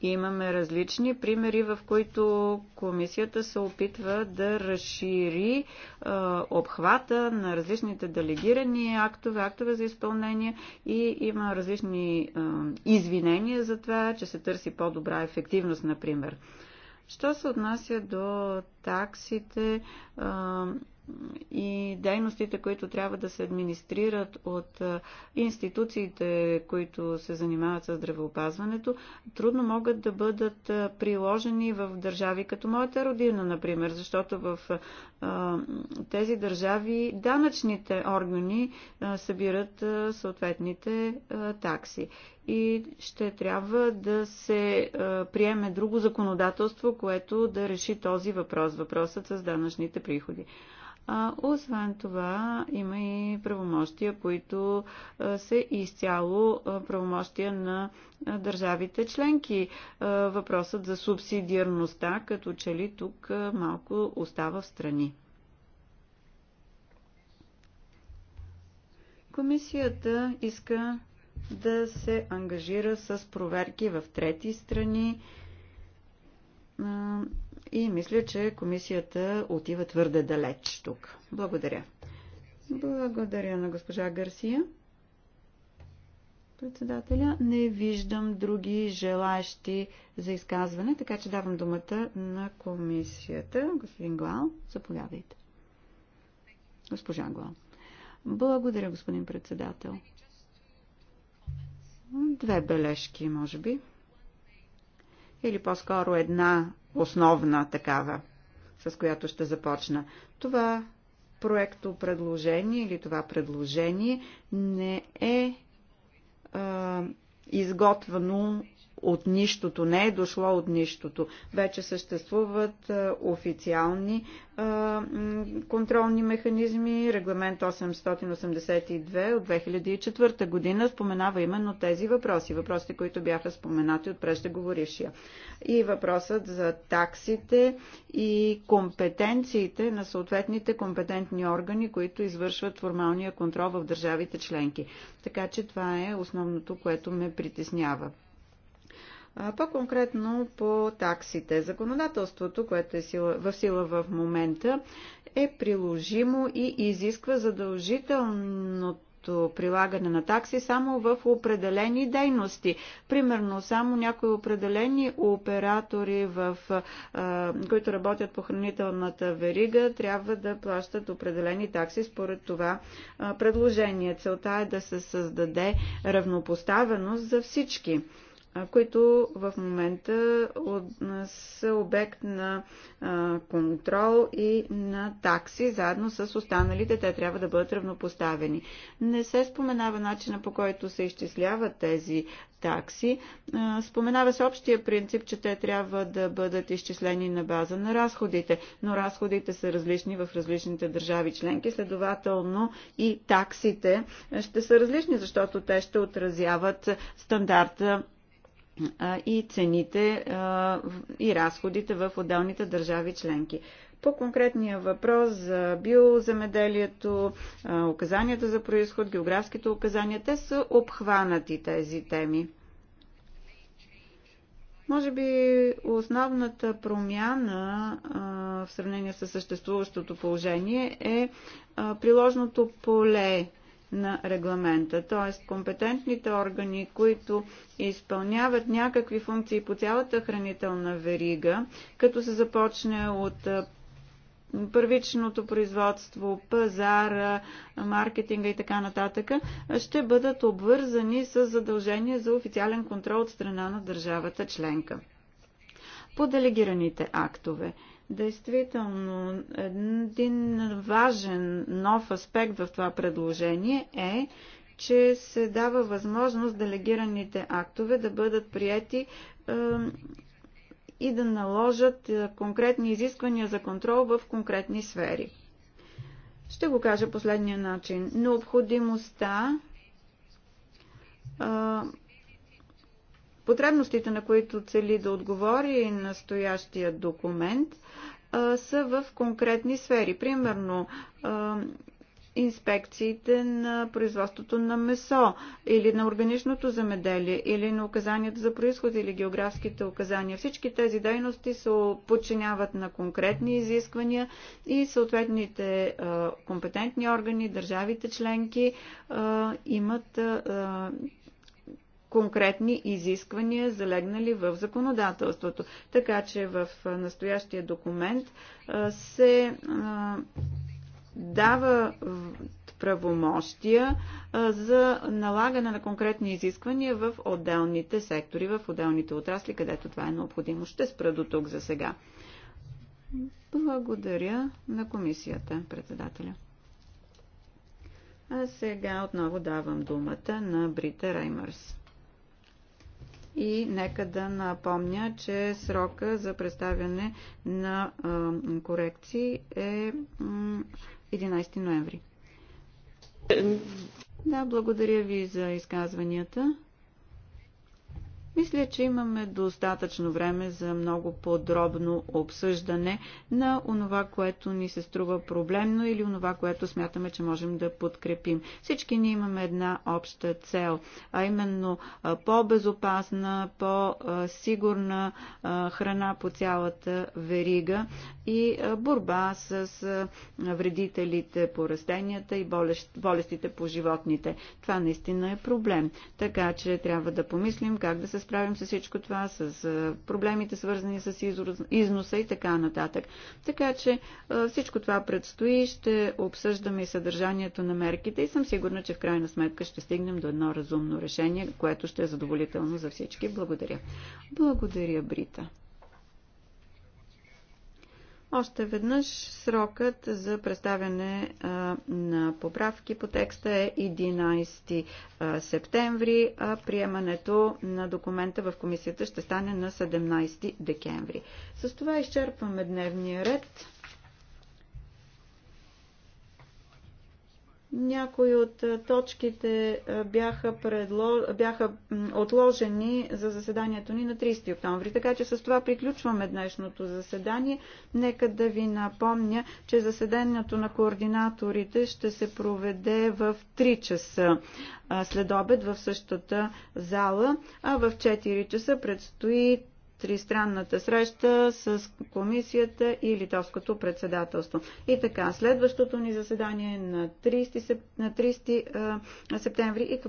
Имаме различни примери, в които комисията се опитва да разшири е, обхвата на различните делегирани актове, актове за изпълнение и има различни е, извинения за това, че се търси по-добра ефективност, например. Що се отнася до таксите, е, и дейностите, които трябва да се администрират от институциите, които се занимават с здравеопазването, трудно могат да бъдат приложени в държави като моята родина, например, защото в тези държави данъчните органи събират съответните такси и ще трябва да се приеме друго законодателство, което да реши този въпрос, въпросът с данъчните приходи. А, освен това, има и правомощия, които са изцяло правомощия на държавите членки. Въпросът за субсидиарността, като че ли тук малко остава в страни. Комисията иска да се ангажира с проверки в трети страни и мисля, че комисията отива твърде далеч тук. Благодаря. Благодаря на госпожа Гарсия. Председателя, не виждам други желащи за изказване, така че давам думата на комисията. Господин Глал, заповядайте. Госпожа Глал. Благодаря, господин председател. Две бележки, може би. Или по-скоро една основна такава, с която ще започна. Това проекто предложение или това предложение не е а, изготвено от нищото, не е дошло от нищото. Вече съществуват е, официални е, контролни механизми. Регламент 882 от 2004 година споменава именно тези въпроси, въпросите, които бяха споменати от преждеговорившия. И въпросът за таксите и компетенциите на съответните компетентни органи, които извършват формалния контрол в държавите членки. Така че това е основното, което ме притеснява. По-конкретно по таксите. Законодателството, което е в сила в момента, е приложимо и изисква задължителното прилагане на такси само в определени дейности. Примерно, само някои определени оператори, в, а, които работят по хранителната верига, трябва да плащат определени такси според това а, предложение. Целта е да се създаде равнопоставеност за всички които в момента са обект на контрол и на такси, заедно с останалите те трябва да бъдат равнопоставени. Не се споменава начина по който се изчисляват тези такси. Споменава се общия принцип, че те трябва да бъдат изчислени на база на разходите, но разходите са различни в различните държави членки, следователно и таксите ще са различни, защото те ще отразяват стандарта и цените и разходите в отделните държави членки. По конкретния въпрос за биоземеделието, указанията за происход, географските указания, те са обхванати тези теми. Може би основната промяна а, в сравнение с съществуващото положение е а, приложното поле на регламента. Т.е. компетентните органи, които изпълняват някакви функции по цялата хранителна верига, като се започне от първичното производство, пазара, маркетинга и така нататък, ще бъдат обвързани с задължение за официален контрол от страна на държавата членка. По делегираните актове. Действително, един важен нов аспект в това предложение е, че се дава възможност делегираните актове да бъдат прияти е, и да наложат е, конкретни изисквания за контрол в конкретни сфери. Ще го кажа последния начин. Необходимостта е, Потребностите, на които цели да отговори настоящия документ, са в конкретни сфери. Примерно, инспекциите на производството на месо или на органичното замеделие или на указанията за происход или географските указания. Всички тези дейности се подчиняват на конкретни изисквания и съответните компетентни органи, държавите членки имат конкретни изисквания, залегнали в законодателството. Така че в настоящия документ се дава правомощия за налагане на конкретни изисквания в отделните сектори, в отделните отрасли, където това е необходимо. Ще спра до тук за сега. Благодаря на комисията, председателя. А сега отново давам думата на Брита Раймърс. И нека да напомня, че срока за представяне на корекции е 11 ноември. Да, благодаря ви за изказванията. Мисля, че имаме достатъчно време за много подробно обсъждане на онова, което ни се струва проблемно или онова, което смятаме, че можем да подкрепим. Всички ние имаме една обща цел, а именно по-безопасна, по-сигурна храна по цялата верига и борба с вредителите по растенията и болестите по животните. Това наистина е проблем. Така че трябва да помислим как да се справим с всичко това, с проблемите свързани с износа и така нататък. Така че всичко това предстои, ще обсъждаме и съдържанието на мерките и съм сигурна, че в крайна сметка ще стигнем до едно разумно решение, което ще е задоволително за всички. Благодаря. Благодаря, Брита. Още веднъж срокът за представяне на поправки по текста е 11 септември, а приемането на документа в комисията ще стане на 17 декември. С това изчерпваме дневния ред. Някои от точките бяха, предло... бяха отложени за заседанието ни на 30 октомври. Така че с това приключваме днешното заседание. Нека да ви напомня, че заседанието на координаторите ще се проведе в 3 часа след обед в същата зала, а в 4 часа предстои тристранната среща с комисията и литовското председателство. И така, следващото ни заседание е на 30, на 30 септември и